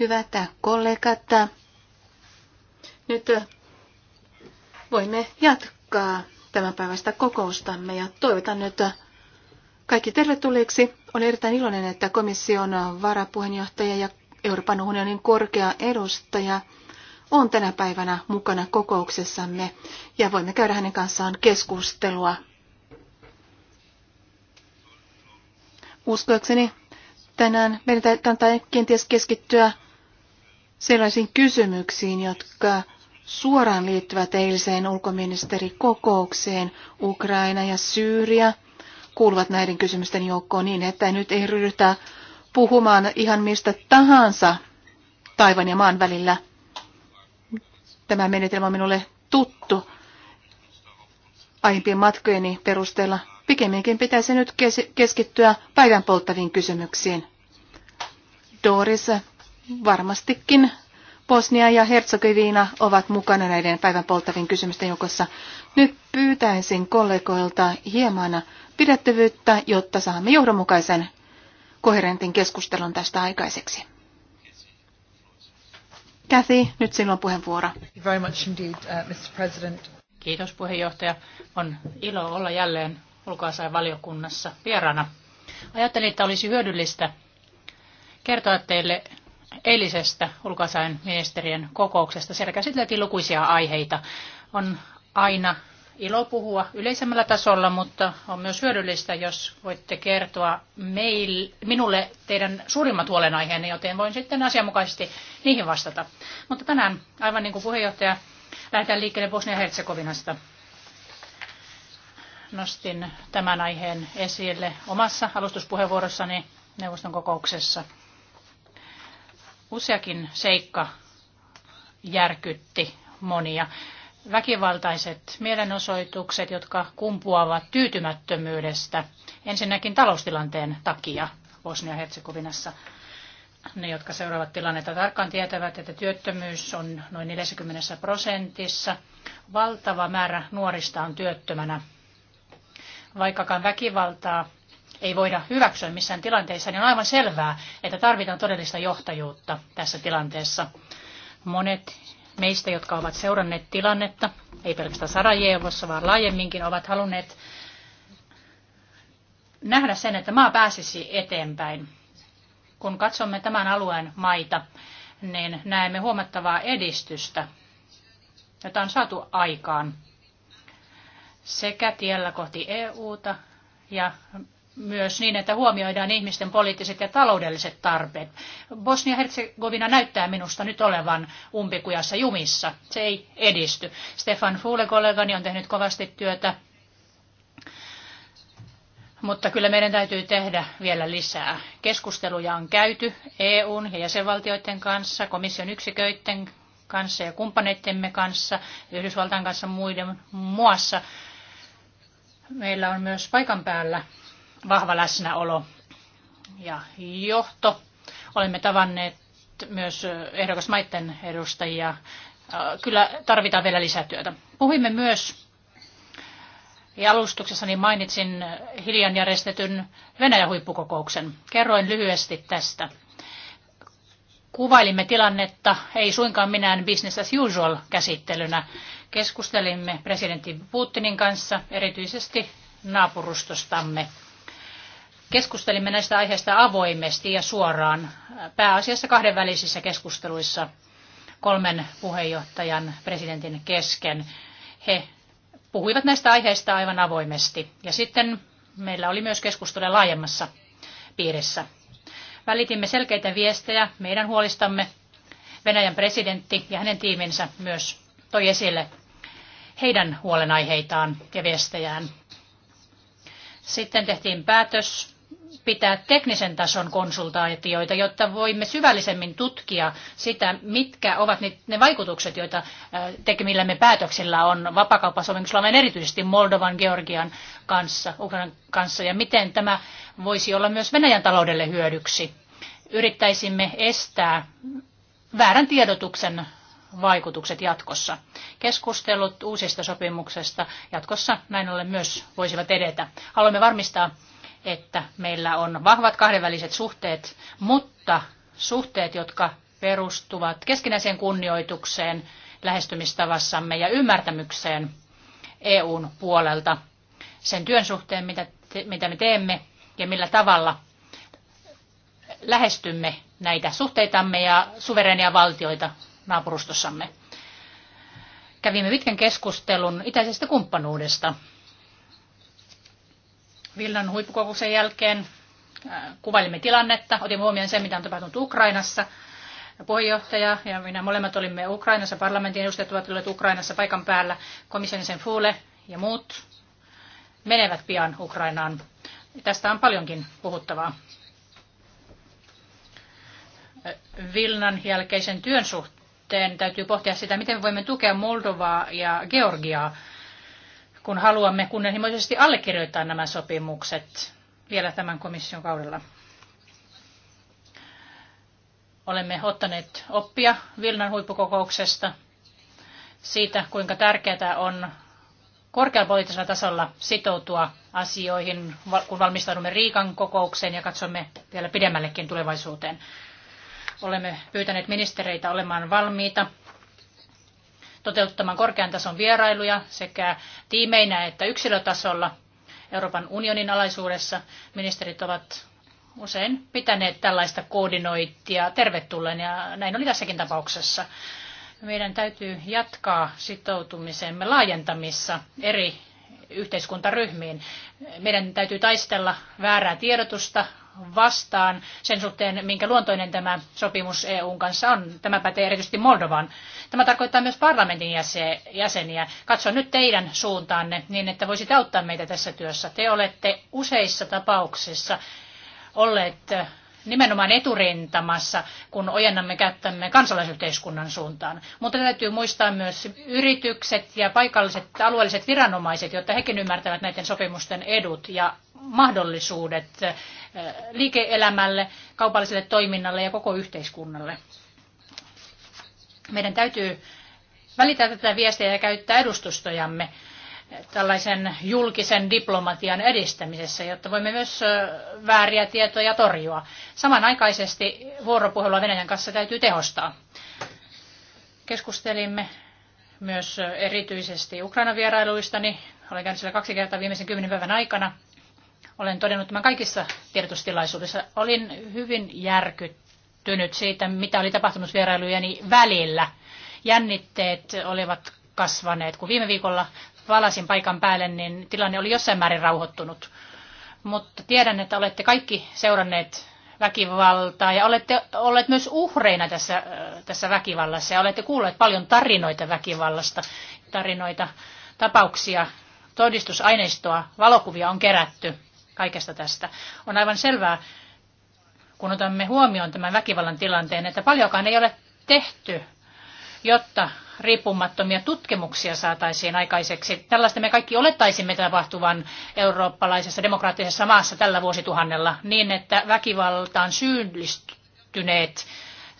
Hyvät kollegat, nyt voimme jatkaa tämän päivästä kokoustamme ja toivotan nyt kaikki tervetulleeksi. Olen erittäin iloinen, että komission varapuheenjohtaja ja Euroopan unionin korkea edustaja on tänä päivänä mukana kokouksessamme ja voimme käydä hänen kanssaan keskustelua. Uskoakseni tänään meidän kannattaa kenties keskittyä sellaisiin kysymyksiin, jotka suoraan liittyvät eiliseen ulkoministerikokoukseen. Ukraina ja Syyria kuuluvat näiden kysymysten joukkoon niin, että nyt ei ryhdytä puhumaan ihan mistä tahansa taivan ja maan välillä. Tämä menetelmä on minulle tuttu aiempien matkojeni perusteella Pikemminkin pitäisi nyt keskittyä päivän polttaviin kysymyksiin. Doris, varmastikin Bosnia ja Herzegovina ovat mukana näiden päivän polttavien kysymysten joukossa. Nyt pyytäisin kollegoilta hieman pidettävyyttä, jotta saamme johdonmukaisen koherentin keskustelun tästä aikaiseksi. Kathy, nyt on puheenvuoro. Uh, Kiitos puheenjohtaja. On ilo olla jälleen ulkoasainvaliokunnassa vieraana. Ajattelin, että olisi hyödyllistä kertoa teille eilisestä ulkoasainministerien kokouksesta. Siellä käsiteltiin lukuisia aiheita. On aina ilo puhua yleisemmällä tasolla, mutta on myös hyödyllistä, jos voitte kertoa meil, minulle teidän suurimmat huolenaiheenne, joten voin sitten asianmukaisesti niihin vastata. Mutta tänään, aivan niin kuin puheenjohtaja, lähdetään liikkeelle Bosnia-Herzegovinasta nostin tämän aiheen esille omassa alustuspuheenvuorossani neuvoston kokouksessa. Useakin seikka järkytti monia. Väkivaltaiset mielenosoitukset, jotka kumpuavat tyytymättömyydestä ensinnäkin taloustilanteen takia Bosnia-Herzegovinassa. Ne, jotka seuraavat tilannetta tarkkaan, tietävät, että työttömyys on noin 40 prosentissa. Valtava määrä nuorista on työttömänä vaikkakaan väkivaltaa ei voida hyväksyä missään tilanteessa, niin on aivan selvää, että tarvitaan todellista johtajuutta tässä tilanteessa. Monet meistä, jotka ovat seuranneet tilannetta, ei pelkästään Sarajevossa, vaan laajemminkin, ovat halunneet nähdä sen, että maa pääsisi eteenpäin. Kun katsomme tämän alueen maita, niin näemme huomattavaa edistystä, jota on saatu aikaan sekä tiellä kohti EUta ja myös niin, että huomioidaan ihmisten poliittiset ja taloudelliset tarpeet. Bosnia-Herzegovina näyttää minusta nyt olevan umpikujassa jumissa. Se ei edisty. Stefan Fuule kollegani on tehnyt kovasti työtä, mutta kyllä meidän täytyy tehdä vielä lisää. Keskusteluja on käyty EUn ja jäsenvaltioiden kanssa, komission yksiköiden kanssa ja kumppaneittemme kanssa, Yhdysvaltain kanssa muiden muassa. Meillä on myös paikan päällä vahva läsnäolo ja johto. Olemme tavanneet myös ehdokasmaiden edustajia. Kyllä tarvitaan vielä lisätyötä. Puhimme myös, ja alustuksessani mainitsin hiljan järjestetyn Venäjä-huippukokouksen. Kerroin lyhyesti tästä. Kuvailimme tilannetta, ei suinkaan minään business as usual käsittelynä, Keskustelimme presidentti Putinin kanssa erityisesti naapurustostamme. Keskustelimme näistä aiheista avoimesti ja suoraan äh, pääasiassa kahdenvälisissä keskusteluissa kolmen puheenjohtajan presidentin kesken. He puhuivat näistä aiheista aivan avoimesti. Ja sitten meillä oli myös keskustelua laajemmassa piirissä. Välitimme selkeitä viestejä meidän huolistamme. Venäjän presidentti ja hänen tiiminsä myös toi esille heidän huolenaiheitaan ja viestejään. Sitten tehtiin päätös pitää teknisen tason konsultaatioita, jotta voimme syvällisemmin tutkia sitä, mitkä ovat ne vaikutukset, joita tekemillämme päätöksillä on vapakauppasopimuksella, erityisesti Moldovan, Georgian kanssa, Ukrainan kanssa, ja miten tämä voisi olla myös Venäjän taloudelle hyödyksi. Yrittäisimme estää väärän tiedotuksen vaikutukset jatkossa. Keskustelut uusista sopimuksesta jatkossa näin ollen myös voisivat edetä. Haluamme varmistaa, että meillä on vahvat kahdenväliset suhteet, mutta suhteet, jotka perustuvat keskinäiseen kunnioitukseen, lähestymistavassamme ja ymmärtämykseen EUn puolelta sen työn suhteen, mitä, te, mitä me teemme ja millä tavalla lähestymme näitä suhteitamme ja suverenia valtioita naapurustossamme. Kävimme pitkän keskustelun itäisestä kumppanuudesta. Vilnan huippukokouksen jälkeen äh, kuvailimme tilannetta, otimme huomioon sen, mitä on tapahtunut Ukrainassa. Puheenjohtaja ja minä molemmat olimme Ukrainassa, parlamentin edustajat ovat olleet Ukrainassa paikan päällä, komission sen Fule ja muut menevät pian Ukrainaan. Tästä on paljonkin puhuttavaa. Äh, Vilnan jälkeisen työn suhteen suhteen täytyy pohtia sitä, miten voimme tukea Moldovaa ja Georgiaa, kun haluamme kunnianhimoisesti allekirjoittaa nämä sopimukset vielä tämän komission kaudella. Olemme ottaneet oppia Vilnan huippukokouksesta siitä, kuinka tärkeää on poliittisella tasolla sitoutua asioihin, kun valmistaudumme Riikan kokoukseen ja katsomme vielä pidemmällekin tulevaisuuteen. Olemme pyytäneet ministereitä olemaan valmiita toteuttamaan korkean tason vierailuja sekä tiimeinä että yksilötasolla Euroopan unionin alaisuudessa. Ministerit ovat usein pitäneet tällaista koordinointia tervetulleen ja näin oli tässäkin tapauksessa. Meidän täytyy jatkaa sitoutumisemme laajentamissa eri yhteiskuntaryhmiin. Meidän täytyy taistella väärää tiedotusta vastaan sen suhteen, minkä luontoinen tämä sopimus EUn kanssa on. Tämä pätee erityisesti Moldovan. Tämä tarkoittaa myös parlamentin jäseniä. Katson nyt teidän suuntaanne niin, että voisit auttaa meitä tässä työssä. Te olette useissa tapauksissa olleet nimenomaan eturintamassa, kun ojennamme kättämme kansalaisyhteiskunnan suuntaan. Mutta täytyy muistaa myös yritykset ja paikalliset alueelliset viranomaiset, jotta hekin ymmärtävät näiden sopimusten edut ja mahdollisuudet eh, liike-elämälle, kaupalliselle toiminnalle ja koko yhteiskunnalle. Meidän täytyy välittää tätä viestiä ja käyttää edustustojamme tällaisen julkisen diplomatian edistämisessä, jotta voimme myös vääriä tietoja torjua. Samanaikaisesti vuoropuhelua Venäjän kanssa täytyy tehostaa. Keskustelimme myös erityisesti Ukrainan vierailuistani. Olen käynyt siellä kaksi kertaa viimeisen kymmenen päivän aikana. Olen todennut tämän kaikissa tiedotustilaisuudessa. Olin hyvin järkyttynyt siitä, mitä oli tapahtunut vierailujeni välillä. Jännitteet olivat kasvaneet, kun viime viikolla palasin paikan päälle, niin tilanne oli jossain määrin rauhoittunut. Mutta tiedän, että olette kaikki seuranneet väkivaltaa ja olette olleet myös uhreina tässä, tässä väkivallassa ja olette kuulleet paljon tarinoita väkivallasta, tarinoita, tapauksia, todistusaineistoa, valokuvia on kerätty kaikesta tästä. On aivan selvää, kun otamme huomioon tämän väkivallan tilanteen, että paljonkaan ei ole tehty, jotta riippumattomia tutkimuksia saataisiin aikaiseksi. Tällaista me kaikki olettaisimme tapahtuvan eurooppalaisessa demokraattisessa maassa tällä vuosituhannella niin, että väkivaltaan syyllistyneet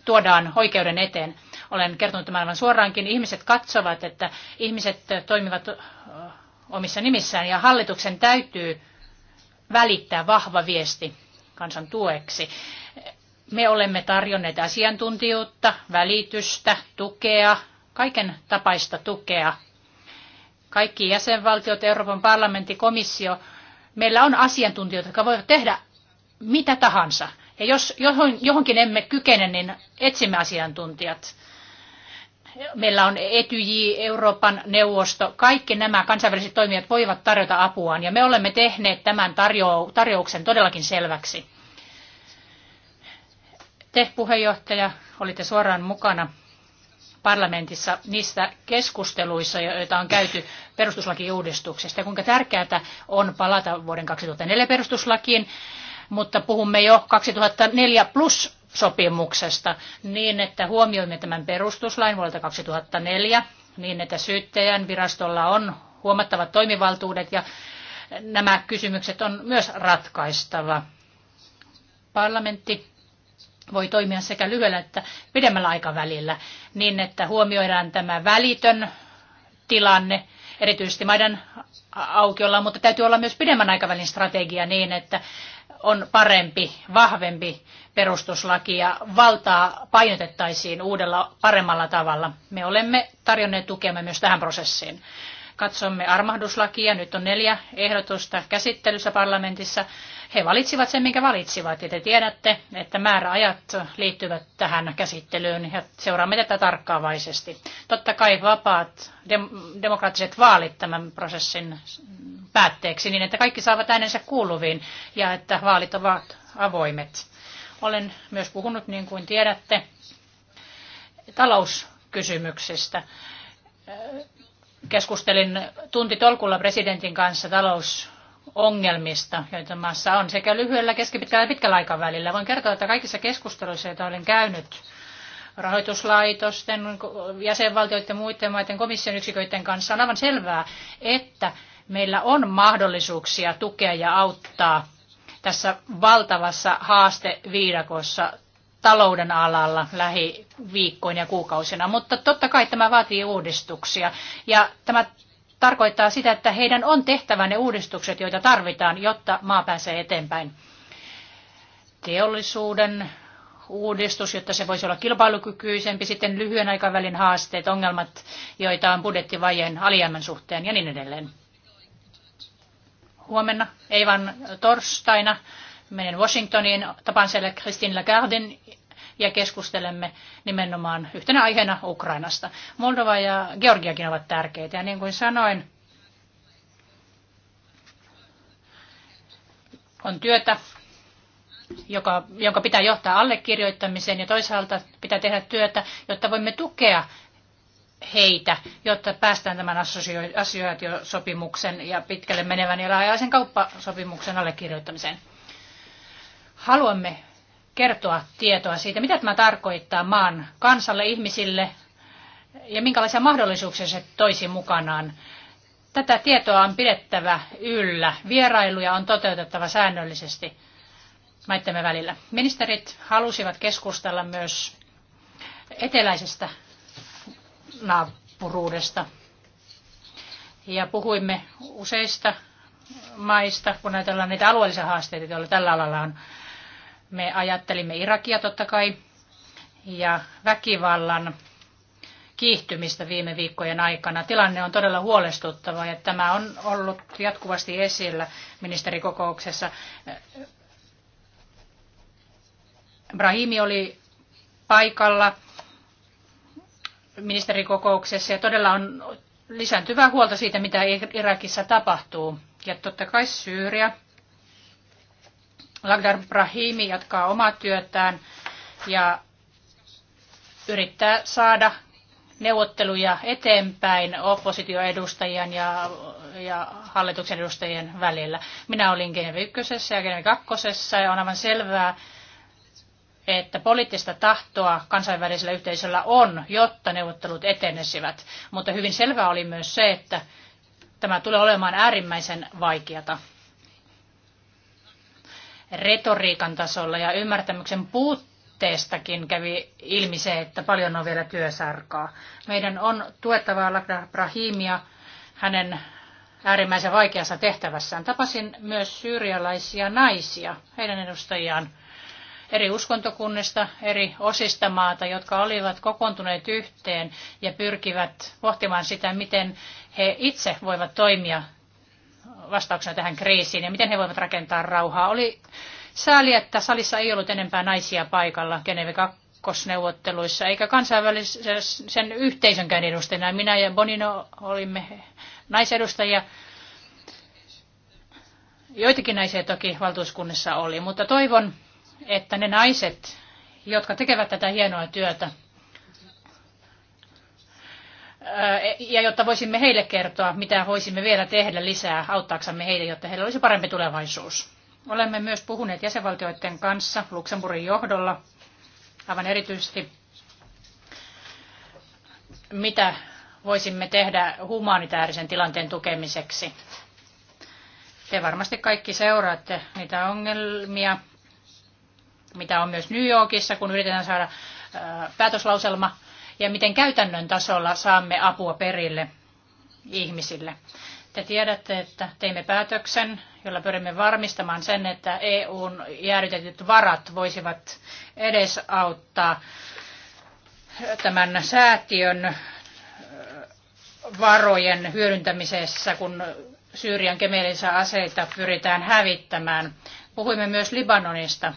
tuodaan oikeuden eteen. Olen kertonut tämän aivan suoraankin. Ihmiset katsovat, että ihmiset toimivat omissa nimissään ja hallituksen täytyy välittää vahva viesti kansan tueksi. Me olemme tarjonneet asiantuntijuutta, välitystä, tukea, kaiken tapaista tukea. Kaikki jäsenvaltiot, Euroopan parlamentti, komissio, meillä on asiantuntijoita, jotka voivat tehdä mitä tahansa. Ja jos johonkin emme kykene, niin etsimme asiantuntijat. Meillä on Etyji, Euroopan neuvosto, kaikki nämä kansainväliset toimijat voivat tarjota apuaan ja me olemme tehneet tämän tarjouksen todellakin selväksi. Te puheenjohtaja olitte suoraan mukana parlamentissa niistä keskusteluissa, joita on käyty perustuslakiuudistuksesta. Ja kuinka tärkeää on palata vuoden 2004 perustuslakiin, mutta puhumme jo 2004 plus sopimuksesta niin, että huomioimme tämän perustuslain vuodelta 2004 niin, että syyttäjän virastolla on huomattavat toimivaltuudet ja nämä kysymykset on myös ratkaistava. Parlamentti voi toimia sekä lyhyellä että pidemmällä aikavälillä niin, että huomioidaan tämä välitön tilanne, erityisesti maiden aukiolla, mutta täytyy olla myös pidemmän aikavälin strategia niin, että on parempi, vahvempi perustuslaki ja valtaa painotettaisiin uudella paremmalla tavalla. Me olemme tarjonneet tukemme myös tähän prosessiin. Katsomme armahduslakia. Nyt on neljä ehdotusta käsittelyssä parlamentissa. He valitsivat sen, minkä valitsivat, ja te tiedätte, että määräajat liittyvät tähän käsittelyyn, ja seuraamme tätä tarkkaavaisesti. Totta kai vapaat dem- demokraattiset vaalit tämän prosessin päätteeksi, niin että kaikki saavat äänensä kuuluviin, ja että vaalit ovat avoimet. Olen myös puhunut, niin kuin tiedätte, talouskysymyksistä keskustelin tuntitolkulla presidentin kanssa talous- ongelmista, joita maassa on, sekä lyhyellä, keskipitkällä ja pitkällä aikavälillä. Voin kertoa, että kaikissa keskusteluissa, joita olen käynyt rahoituslaitosten, jäsenvaltioiden, muiden maiden komission yksiköiden kanssa, on aivan selvää, että meillä on mahdollisuuksia tukea ja auttaa tässä valtavassa haasteviidakossa talouden alalla lähiviikkoina ja kuukausina, mutta totta kai tämä vaatii uudistuksia. Ja tämä tarkoittaa sitä, että heidän on tehtävä ne uudistukset, joita tarvitaan, jotta maa pääsee eteenpäin. Teollisuuden uudistus, jotta se voisi olla kilpailukykyisempi, sitten lyhyen aikavälin haasteet, ongelmat, joita on budjettivajeen alijäämän suhteen ja niin edelleen. Huomenna, ei vaan torstaina, menen Washingtoniin, tapaan siellä Christine Lagardin ja keskustelemme nimenomaan yhtenä aiheena Ukrainasta. Moldova ja Georgiakin ovat tärkeitä ja niin kuin sanoin, on työtä, joka, jonka pitää johtaa allekirjoittamiseen ja toisaalta pitää tehdä työtä, jotta voimme tukea heitä, jotta päästään tämän assosiaatiosopimuksen ja pitkälle menevän ja laajaisen kauppasopimuksen allekirjoittamiseen. Haluamme kertoa tietoa siitä, mitä tämä tarkoittaa maan kansalle, ihmisille ja minkälaisia mahdollisuuksia se toisi mukanaan. Tätä tietoa on pidettävä yllä. Vierailuja on toteutettava säännöllisesti maittemme välillä. Ministerit halusivat keskustella myös eteläisestä naapuruudesta. Ja puhuimme useista maista, kun ajatellaan niitä alueellisia haasteita, joilla tällä alalla on. Me ajattelimme Irakia totta kai ja väkivallan kiihtymistä viime viikkojen aikana. Tilanne on todella huolestuttava ja tämä on ollut jatkuvasti esillä ministerikokouksessa. Brahimi oli paikalla ministerikokouksessa ja todella on lisääntyvää huolta siitä, mitä Irakissa tapahtuu. Ja totta kai Syyria Lagdar Brahimi jatkaa omaa työtään ja yrittää saada neuvotteluja eteenpäin oppositioedustajien ja, ja hallituksen edustajien välillä. Minä olin Geneve 1 ja Geneve 2 ja on aivan selvää, että poliittista tahtoa kansainvälisellä yhteisöllä on, jotta neuvottelut etenisivät. Mutta hyvin selvää oli myös se, että tämä tulee olemaan äärimmäisen vaikeata retoriikan tasolla ja ymmärtämyksen puutteestakin kävi ilmi se, että paljon on vielä työsarkaa. Meidän on tuettava Brahimia hänen äärimmäisen vaikeassa tehtävässään. Tapasin myös syyrialaisia naisia, heidän edustajiaan eri uskontokunnista, eri osista maata, jotka olivat kokoontuneet yhteen ja pyrkivät pohtimaan sitä, miten he itse voivat toimia vastauksena tähän kriisiin ja miten he voivat rakentaa rauhaa. Oli sääli, että salissa ei ollut enempää naisia paikalla Geneve 2 eikä kansainvälisen yhteisönkään edustajana. Minä ja Bonino olimme naisedustajia. Joitakin naisia toki valtuuskunnassa oli, mutta toivon, että ne naiset, jotka tekevät tätä hienoa työtä, ja jotta voisimme heille kertoa, mitä voisimme vielä tehdä lisää auttaaksamme heille, jotta heillä olisi parempi tulevaisuus. Olemme myös puhuneet jäsenvaltioiden kanssa Luxemburgin johdolla, aivan erityisesti, mitä voisimme tehdä humanitaarisen tilanteen tukemiseksi. Te varmasti kaikki seuraatte niitä ongelmia, mitä on myös New Yorkissa, kun yritetään saada päätöslauselma ja miten käytännön tasolla saamme apua perille ihmisille. Te tiedätte, että teimme päätöksen, jolla pyrimme varmistamaan sen, että EUn jäädytetyt varat voisivat edesauttaa tämän säätiön varojen hyödyntämisessä, kun Syyrian kemiallisia aseita pyritään hävittämään. Puhuimme myös Libanonista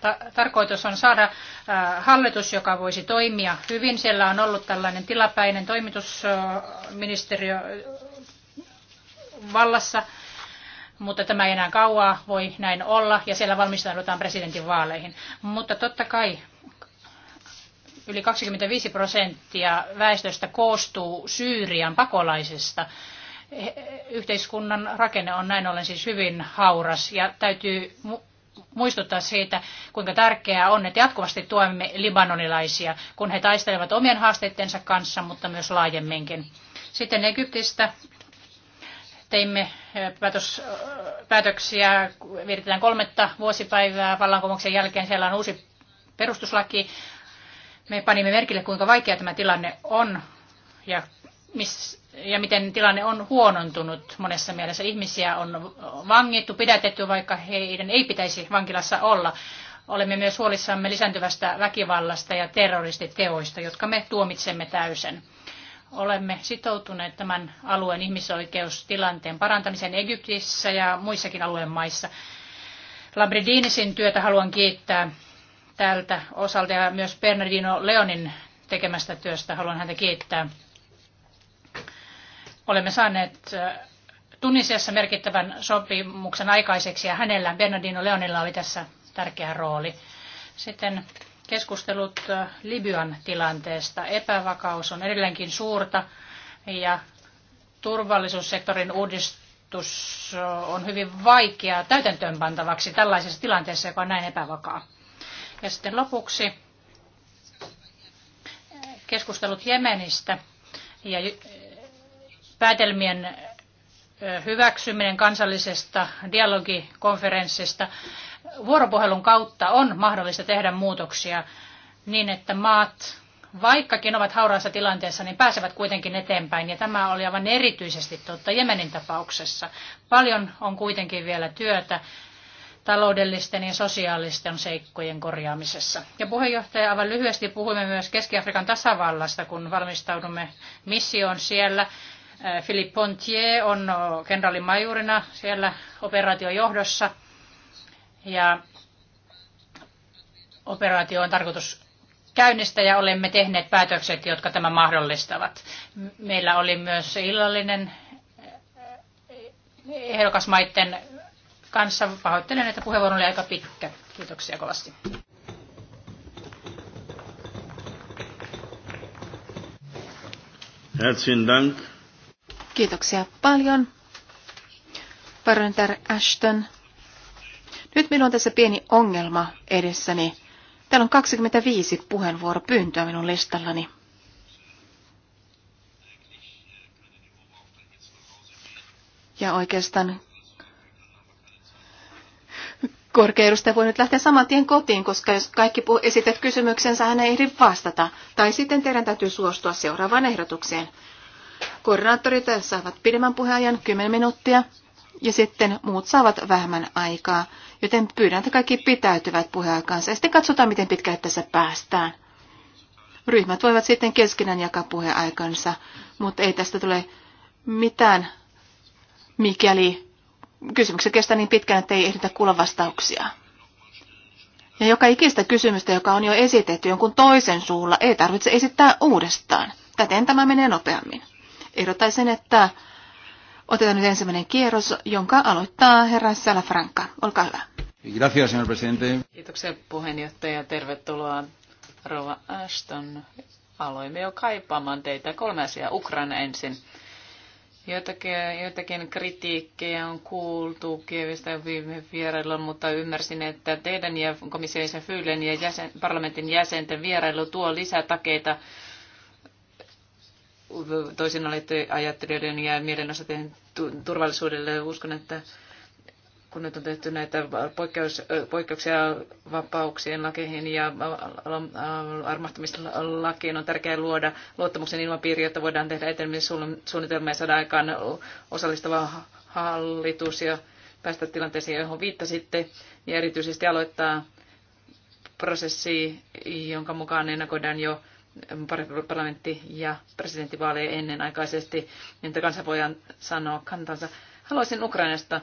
ta- tarkoitus on saada ä, äh, hallitus, joka voisi toimia hyvin. Siellä on ollut tällainen tilapäinen toimitusministeriö äh, vallassa, mutta tämä ei enää kauaa voi näin olla, ja siellä valmistaudutaan vaaleihin. Mutta totta kai yli 25 prosenttia väestöstä koostuu Syyrian pakolaisista. Yhteiskunnan rakenne on näin ollen siis hyvin hauras ja täytyy muistuttaa siitä, kuinka tärkeää on, että jatkuvasti tuemme libanonilaisia, kun he taistelevat omien haasteittensa kanssa, mutta myös laajemminkin. Sitten Egyptistä teimme päätös, päätöksiä, vietetään kolmetta vuosipäivää vallankumouksen jälkeen, siellä on uusi perustuslaki. Me panimme merkille, kuinka vaikea tämä tilanne on ja missä ja miten tilanne on huonontunut monessa mielessä. Ihmisiä on vangittu, pidätetty, vaikka heidän ei pitäisi vankilassa olla. Olemme myös huolissamme lisääntyvästä väkivallasta ja terroristiteoista, jotka me tuomitsemme täysin. Olemme sitoutuneet tämän alueen ihmisoikeustilanteen parantamiseen Egyptissä ja muissakin alueen maissa. Labridinisin työtä haluan kiittää tältä osalta ja myös Bernardino Leonin tekemästä työstä haluan häntä kiittää. Olemme saaneet äh, Tunisiassa merkittävän sopimuksen aikaiseksi ja hänellä, Bernardino Leonilla, oli tässä tärkeä rooli. Sitten keskustelut äh, Libyan tilanteesta. Epävakaus on edelleenkin suurta ja turvallisuussektorin uudistus äh, on hyvin vaikea täytäntöönpantavaksi tällaisessa tilanteessa, joka on näin epävakaa. Ja sitten lopuksi keskustelut Jemenistä ja päätelmien hyväksyminen kansallisesta dialogikonferenssista vuoropuhelun kautta on mahdollista tehdä muutoksia niin, että maat, vaikkakin ovat hauraassa tilanteessa, niin pääsevät kuitenkin eteenpäin. Ja tämä oli aivan erityisesti totta Jemenin tapauksessa. Paljon on kuitenkin vielä työtä taloudellisten ja sosiaalisten seikkojen korjaamisessa. Ja puheenjohtaja, aivan lyhyesti puhuimme myös Keski-Afrikan tasavallasta, kun valmistaudumme missioon siellä. Eh, Philippe Pontier on kenraalimajurina siellä operaatiojohdossa. Ja operaatio on tarkoitus käynnistä ja olemme tehneet päätökset, jotka tämä mahdollistavat. Meillä oli myös illallinen eh, ehdokasmaiden kanssa. Pahoittelen, että puheenvuoro oli aika pitkä. Kiitoksia kovasti. Herzlichen Dank. Kiitoksia paljon, Parantar Ashton. Nyt minulla on tässä pieni ongelma edessäni. Täällä on 25 puheenvuoropyyntöä minun listallani. Ja oikeastaan korkea edustaja voi nyt lähteä saman tien kotiin, koska jos kaikki esität kysymyksensä, hän ei ehdi vastata. Tai sitten teidän täytyy suostua seuraavaan ehdotukseen. Koordinaattorit saavat pidemmän puheajan 10 minuuttia ja sitten muut saavat vähemmän aikaa, joten pyydän, että kaikki pitäytyvät puheaikaansa, ja sitten katsotaan, miten pitkään tässä päästään. Ryhmät voivat sitten keskenään jakaa puheaikansa, mutta ei tästä tule mitään, mikäli kysymykset kestää niin pitkään, että ei ehditä kuulla vastauksia. Ja joka ikistä kysymystä, joka on jo esitetty jonkun toisen suulla, ei tarvitse esittää uudestaan. Täten tämä menee nopeammin ehdottaisin, että otetaan nyt ensimmäinen kierros, jonka aloittaa herra Franca. Olkaa hyvä. Gracias, señor presidente. Kiitoksia puheenjohtaja. Tervetuloa Rova Ashton. Aloimme jo kaipaamaan teitä. Kolme asiaa. Ukraina ensin. Joitakin, joitakin kritiikkejä on kuultu Kievistä viime vierailla, mutta ymmärsin, että teidän ja komission Fyylen ja jäsen, parlamentin jäsenten vierailu tuo lisätakeita takeita toisin ajattelijoiden ja mielenosoittajien turvallisuudelle. Uskon, että kun nyt on tehty näitä poikkeus, poikkeuksia vapauksien lakeihin ja armahtamislakiin, on tärkeää luoda luottamuksen ilmapiiri, jotta voidaan tehdä suunnitelma ja saada aikaan osallistava hallitus ja päästä tilanteeseen, johon viittasitte, ja erityisesti aloittaa prosessi, jonka mukaan ennakoidaan jo parlamentti- ja presidenttivaaleja ennenaikaisesti, niin että kansa voidaan sanoa kantansa. Haluaisin Ukrainasta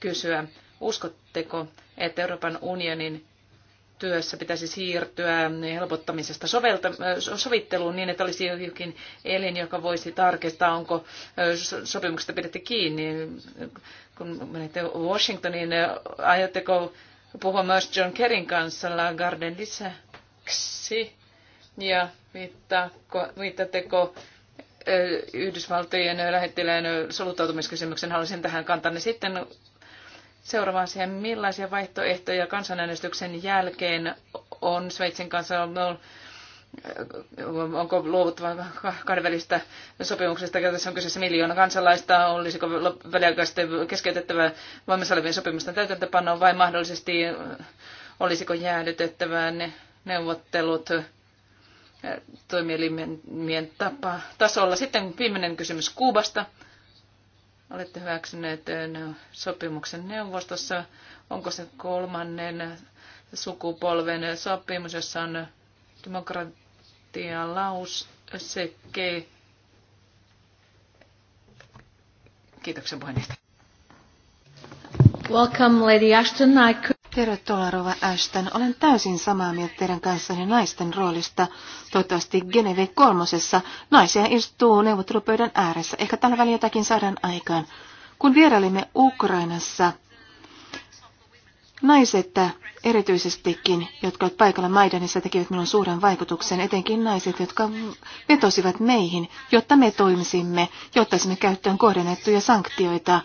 kysyä, uskotteko, että Euroopan unionin työssä pitäisi siirtyä helpottamisesta sovelta- sovitteluun niin, että olisi jokin elin, joka voisi tarkistaa, onko sopimuksesta pidetty kiinni. Kun menette Washingtoniin, aiotteko puhua myös John Kerryn kanssa Garden lisäksi? Ja viittaako, viittatteko Yhdysvaltojen lähettilään soluttautumiskysymyksen, haluaisin tähän kantaa. Sitten seuraava asia, millaisia vaihtoehtoja kansanäänestyksen jälkeen on Sveitsin kanssa no, onko luovuttava kahdenvälistä sopimuksesta, tässä on kyseessä miljoona kansalaista, olisiko väliaikaisesti keskeytettävä voimassa olevien sopimusten täytäntöpanoon vai mahdollisesti olisiko jäädytettävä ne neuvottelut toimielimien tapa, tasolla. Sitten viimeinen kysymys Kuubasta. Olette hyväksyneet eh, sopimuksen neuvostossa. Onko se kolmannen sukupolven sopimus, jossa on demokratia sekä Kiitoksia puheenjohtaja. Welcome, Lady Ashton. I could... Tervetuloa Rova Ashton. Olen täysin samaa mieltä teidän kanssanne naisten roolista. Toivottavasti Geneve kolmosessa naisia istuu neuvottelupöydän ääressä. Ehkä tällä välillä jotakin saadaan aikaan. Kun vierailimme Ukrainassa, naiset erityisestikin, jotka ovat paikalla Maidanissa, tekivät minun suuren vaikutuksen, etenkin naiset, jotka vetosivat meihin, jotta me toimisimme, jottaisimme käyttöön kohdennettuja sanktioita –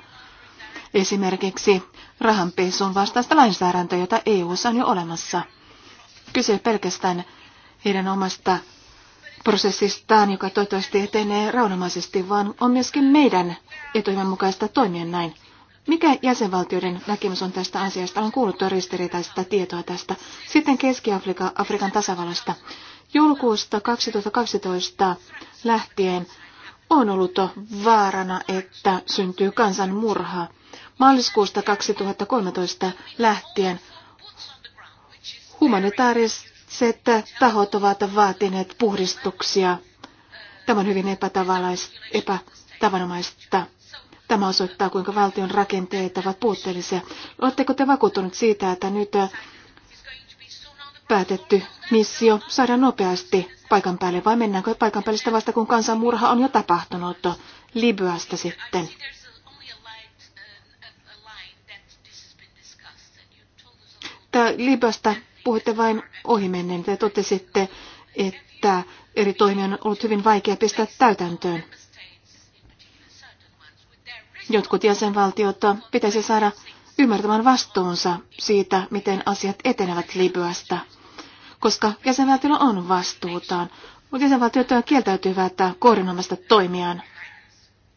esimerkiksi rahanpesun vastaista lainsäädäntöä, jota EU:ssa on jo olemassa. Kyse pelkästään heidän omasta prosessistaan, joka toivottavasti etenee raunomaisesti, vaan on myöskin meidän etujen mukaista toimia näin. Mikä jäsenvaltioiden näkemys on tästä asiasta? On kuullut ristiriitaista tietoa tästä. Sitten Keski-Afrikan Afrikan tasavallasta. Joulukuusta 2012 lähtien on ollut vaarana, että syntyy kansanmurha maaliskuusta 2013 lähtien humanitaariset tahot ovat vaatineet puhdistuksia. Tämä on hyvin epätavanomaista. Tämä osoittaa, kuinka valtion rakenteet ovat puutteellisia. Oletteko te vakuuttunut siitä, että nyt päätetty missio saada nopeasti paikan päälle vai mennäänkö paikan päälle sitä vasta, kun kansanmurha on jo tapahtunut Libyasta sitten? että Libasta puhuitte vain ohimennen ja totesitte, että eri toimia on ollut hyvin vaikea pistää täytäntöön. Jotkut jäsenvaltiot pitäisi saada ymmärtämään vastuunsa siitä, miten asiat etenevät Libyasta, koska jäsenvaltiolla on vastuutaan, mutta jäsenvaltiot kieltäytyvät koordinoimasta toimiaan.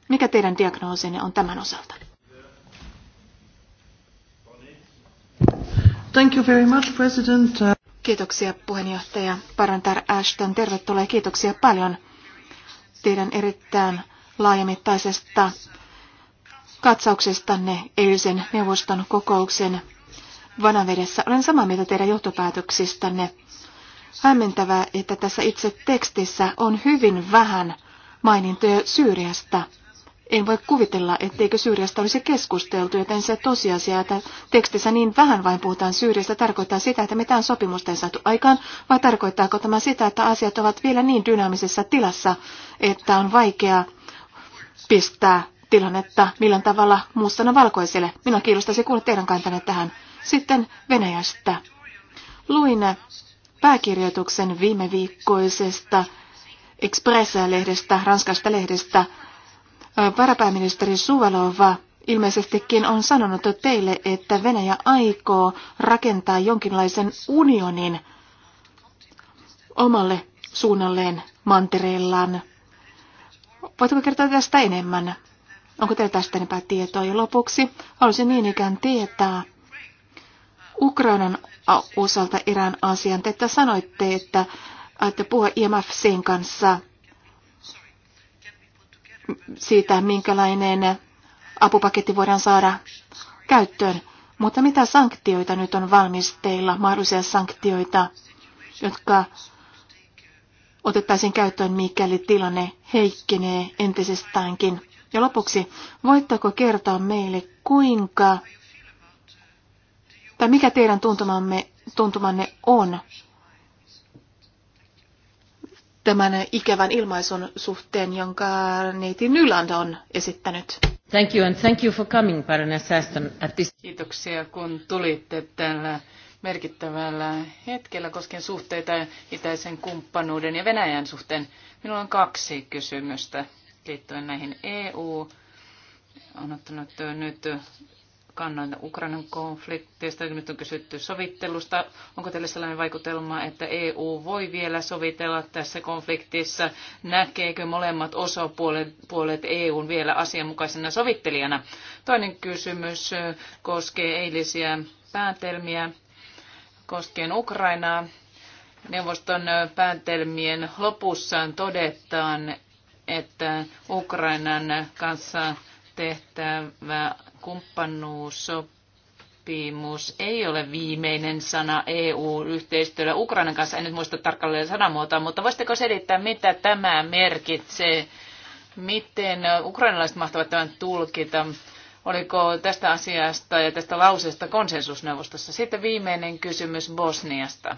Mikä teidän diagnoosinne on tämän osalta? Thank you very much, President. Kiitoksia puheenjohtaja Parantar Ashton. Tervetuloa kiitoksia paljon teidän erittäin laajamittaisesta katsauksestanne eilisen neuvoston kokouksen vanavedessä. Olen samaa mieltä teidän johtopäätöksistänne. Hämmentävää, että tässä itse tekstissä on hyvin vähän mainintoja Syyriasta – en voi kuvitella, etteikö Syyriasta olisi keskusteltu, joten se tosiasia, että tekstissä niin vähän vain puhutaan Syyriasta, tarkoittaa sitä, että mitään sopimusta ei saatu aikaan, vai tarkoittaako tämä sitä, että asiat ovat vielä niin dynaamisessa tilassa, että on vaikea pistää tilannetta millään tavalla mustana valkoiselle. Minua kiinnostaisi kuulla teidän kantanne tähän. Sitten Venäjästä. Luin pääkirjoituksen viime viikkoisesta Express-lehdestä, ranskasta lehdestä, varapääministeri Suvalova ilmeisestikin on sanonut teille, että Venäjä aikoo rakentaa jonkinlaisen unionin omalle suunnalleen mantereellaan. Voitko kertoa tästä enemmän? Onko teillä tästä enempää tietoa? Ja lopuksi haluaisin niin ikään tietää Ukrainan osalta erään asian. Te että sanoitte, että aiotte puhua IMFCin kanssa – siitä, minkälainen apupaketti voidaan saada käyttöön. Mutta mitä sanktioita nyt on valmisteilla, mahdollisia sanktioita, jotka otettaisiin käyttöön, mikäli tilanne heikkenee entisestäänkin? Ja lopuksi, voitteko kertoa meille, kuinka tai mikä teidän tuntumanne, tuntumanne on tämän ikävän ilmaisun suhteen, jonka neiti Nyland on esittänyt. Thank you and thank you for coming, at this... Kiitoksia, kun tulitte tällä merkittävällä hetkellä koskien suhteita itäisen kumppanuuden ja Venäjän suhteen. Minulla on kaksi kysymystä liittyen näihin EU on ottanut nyt kannan Ukrainan konfliktista. Nyt on kysytty sovittelusta. Onko teillä sellainen vaikutelma, että EU voi vielä sovitella tässä konfliktissa? Näkeekö molemmat osapuolet puolet EUn vielä asianmukaisena sovittelijana? Toinen kysymys koskee eilisiä päätelmiä koskien Ukrainaa. Neuvoston päätelmien lopussaan todetaan, että Ukrainan kanssa tehtävä kumppanuussopimus ei ole viimeinen sana EU-yhteistyöllä Ukrainan kanssa. En nyt muista tarkalleen sanamuotoa, mutta voisitteko selittää, mitä tämä merkitsee? Miten ukrainalaiset mahtavat tämän tulkita? Oliko tästä asiasta ja tästä lauseesta konsensusneuvostossa? Sitten viimeinen kysymys Bosniasta.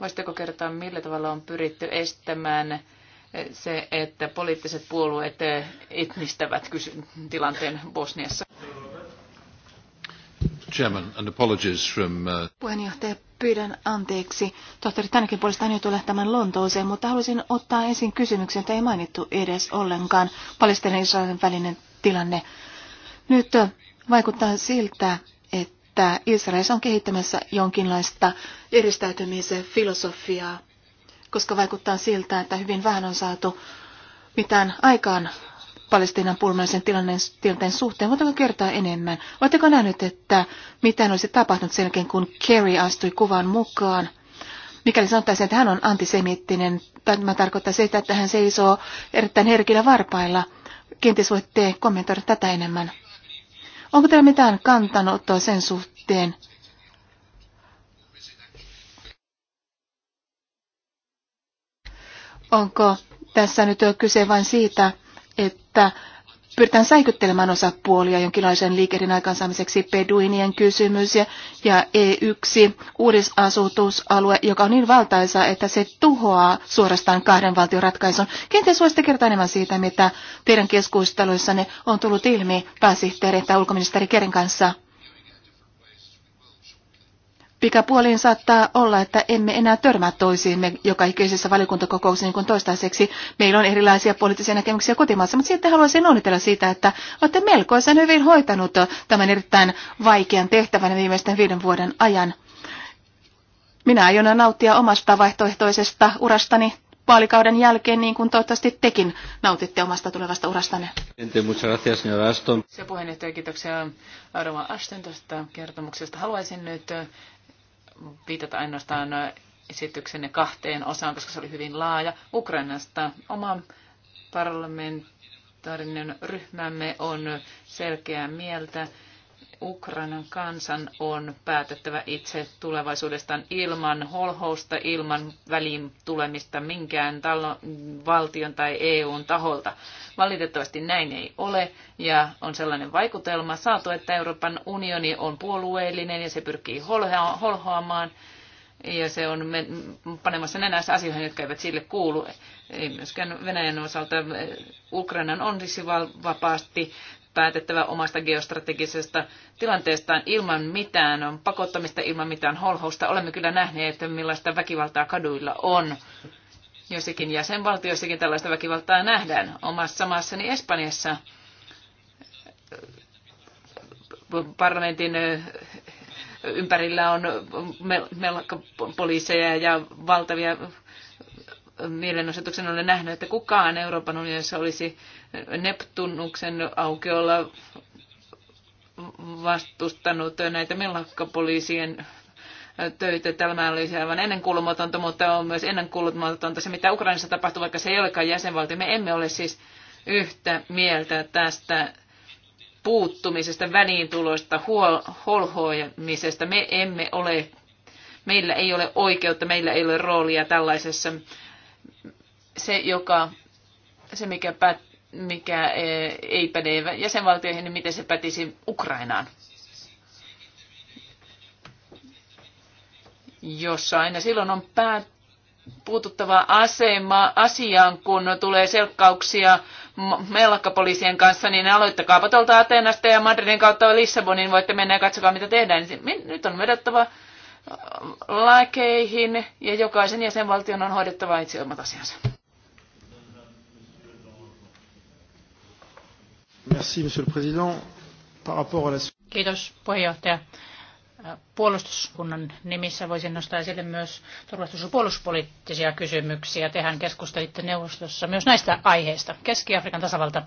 Voisitteko kertoa, millä tavalla on pyritty estämään se, että poliittiset puolueet etnistävät tilanteen Bosniassa. Chairman, and apologies from, uh... Puheenjohtaja, pyydän anteeksi. Tohtori tänäkin on tullut lähtemään Lontooseen, mutta haluaisin ottaa esiin kysymyksen, jota ei mainittu edes ollenkaan. Palestinan ja Israelin välinen tilanne. Nyt uh, vaikuttaa siltä, että Israelissa on kehittämässä jonkinlaista eristäytymisen filosofiaa koska vaikuttaa siltä, että hyvin vähän on saatu mitään aikaan Palestiinan pulmallisen tilanteen, tilanteen suhteen. Voitteko kertoa enemmän? Oletteko nähnyt, että mitä olisi tapahtunut sen jälkeen, kun Kerry astui kuvan mukaan? Mikäli sanottaisiin, että hän on antisemittinen, tämä tarkoittaa sitä, että hän seisoo erittäin herkillä varpailla. Kenties voitte kommentoida tätä enemmän. Onko teillä mitään kantanottoa sen suhteen, Onko tässä nyt kyse vain siitä, että pyritään säikyttelemään osapuolia jonkinlaisen liikerin aikaansaamiseksi peduinien kysymys ja, ja E1 uudisasutusalue, joka on niin valtaisa, että se tuhoaa suorastaan kahden valtion ratkaisun. Kenties voisitte kertoa enemmän siitä, mitä teidän keskusteluissanne on tullut ilmi pääsihteeri tai ulkoministeri Keren kanssa. Pikapuoliin saattaa olla, että emme enää törmää toisiimme joka ikisessä valiokuntakokouksessa niin kuin toistaiseksi. Meillä on erilaisia poliittisia näkemyksiä kotimaassa, mutta sitten haluaisin onnitella siitä, että olette melkoisen hyvin hoitanut tämän erittäin vaikean tehtävän viimeisten viiden vuoden ajan. Minä aion nauttia omasta vaihtoehtoisesta urastani vaalikauden jälkeen, niin kuin toivottavasti tekin nautitte omasta tulevasta urastanne. Se puheenjohtaja, kiitoksia Aroma Ashton tästä kertomuksesta. Haluaisin nyt viitata ainoastaan esityksenne kahteen osaan, koska se oli hyvin laaja. Ukrainasta oma parlamentaarinen ryhmämme on selkeää mieltä Ukrainan kansan on päätettävä itse tulevaisuudestaan ilman holhousta, ilman väliin tulemista minkään talo, valtion tai EUn taholta. Valitettavasti näin ei ole ja on sellainen vaikutelma saatu, että Euroopan unioni on puolueellinen ja se pyrkii holhoamaan ja se on panemassa nenässä asioihin, jotka eivät sille kuulu. Ei myöskään Venäjän osalta. Eh, Ukrainan on siis vapaasti päätettävä omasta geostrategisesta tilanteestaan ilman mitään pakottamista, ilman mitään holhousta. Olemme kyllä nähneet, että millaista väkivaltaa kaduilla on. Joissakin jäsenvaltioissakin tällaista väkivaltaa nähdään. Omassa maassani Espanjassa eh, parlamentin eh, ympärillä on melko poliiseja ja valtavia mielenosoituksen olen nähnyt, että kukaan Euroopan unionissa olisi Neptunuksen aukiolla vastustanut näitä mellakkapoliisien töitä. Tämä olisi aivan ennenkuulumatonta, mutta on myös ennenkuulumatonta se, mitä Ukrainassa tapahtuu, vaikka se ei olekaan jäsenvaltio. Me emme ole siis yhtä mieltä tästä puuttumisesta, väliintulosta, huol- holhoamisesta. Me emme ole, meillä ei ole oikeutta, meillä ei ole roolia tällaisessa se, joka, se mikä, pät, mikä e, ei päde jäsenvaltioihin, niin miten se pätisi Ukrainaan. Jossa aina silloin on päät, puututtava asema asiaan, kun tulee selkkauksia melkkapoliisien kanssa, niin aloittakaapa tuolta Atenasta ja Madridin kautta Lissabonin, voitte mennä ja katsokaa mitä tehdään. Niin nyt on vedettävä lakeihin ja jokaisen jäsenvaltion on hoidettava itse omat asiansa. Merci, monsieur le président. Par rapport à la... Kiitos puheenjohtaja. Äh, puolustuskunnan nimissä voisin nostaa esille myös turvallisuus- ja puolustuspoliittisia kysymyksiä. Tehän keskustelitte neuvostossa myös näistä aiheista. Keski-Afrikan tasavalta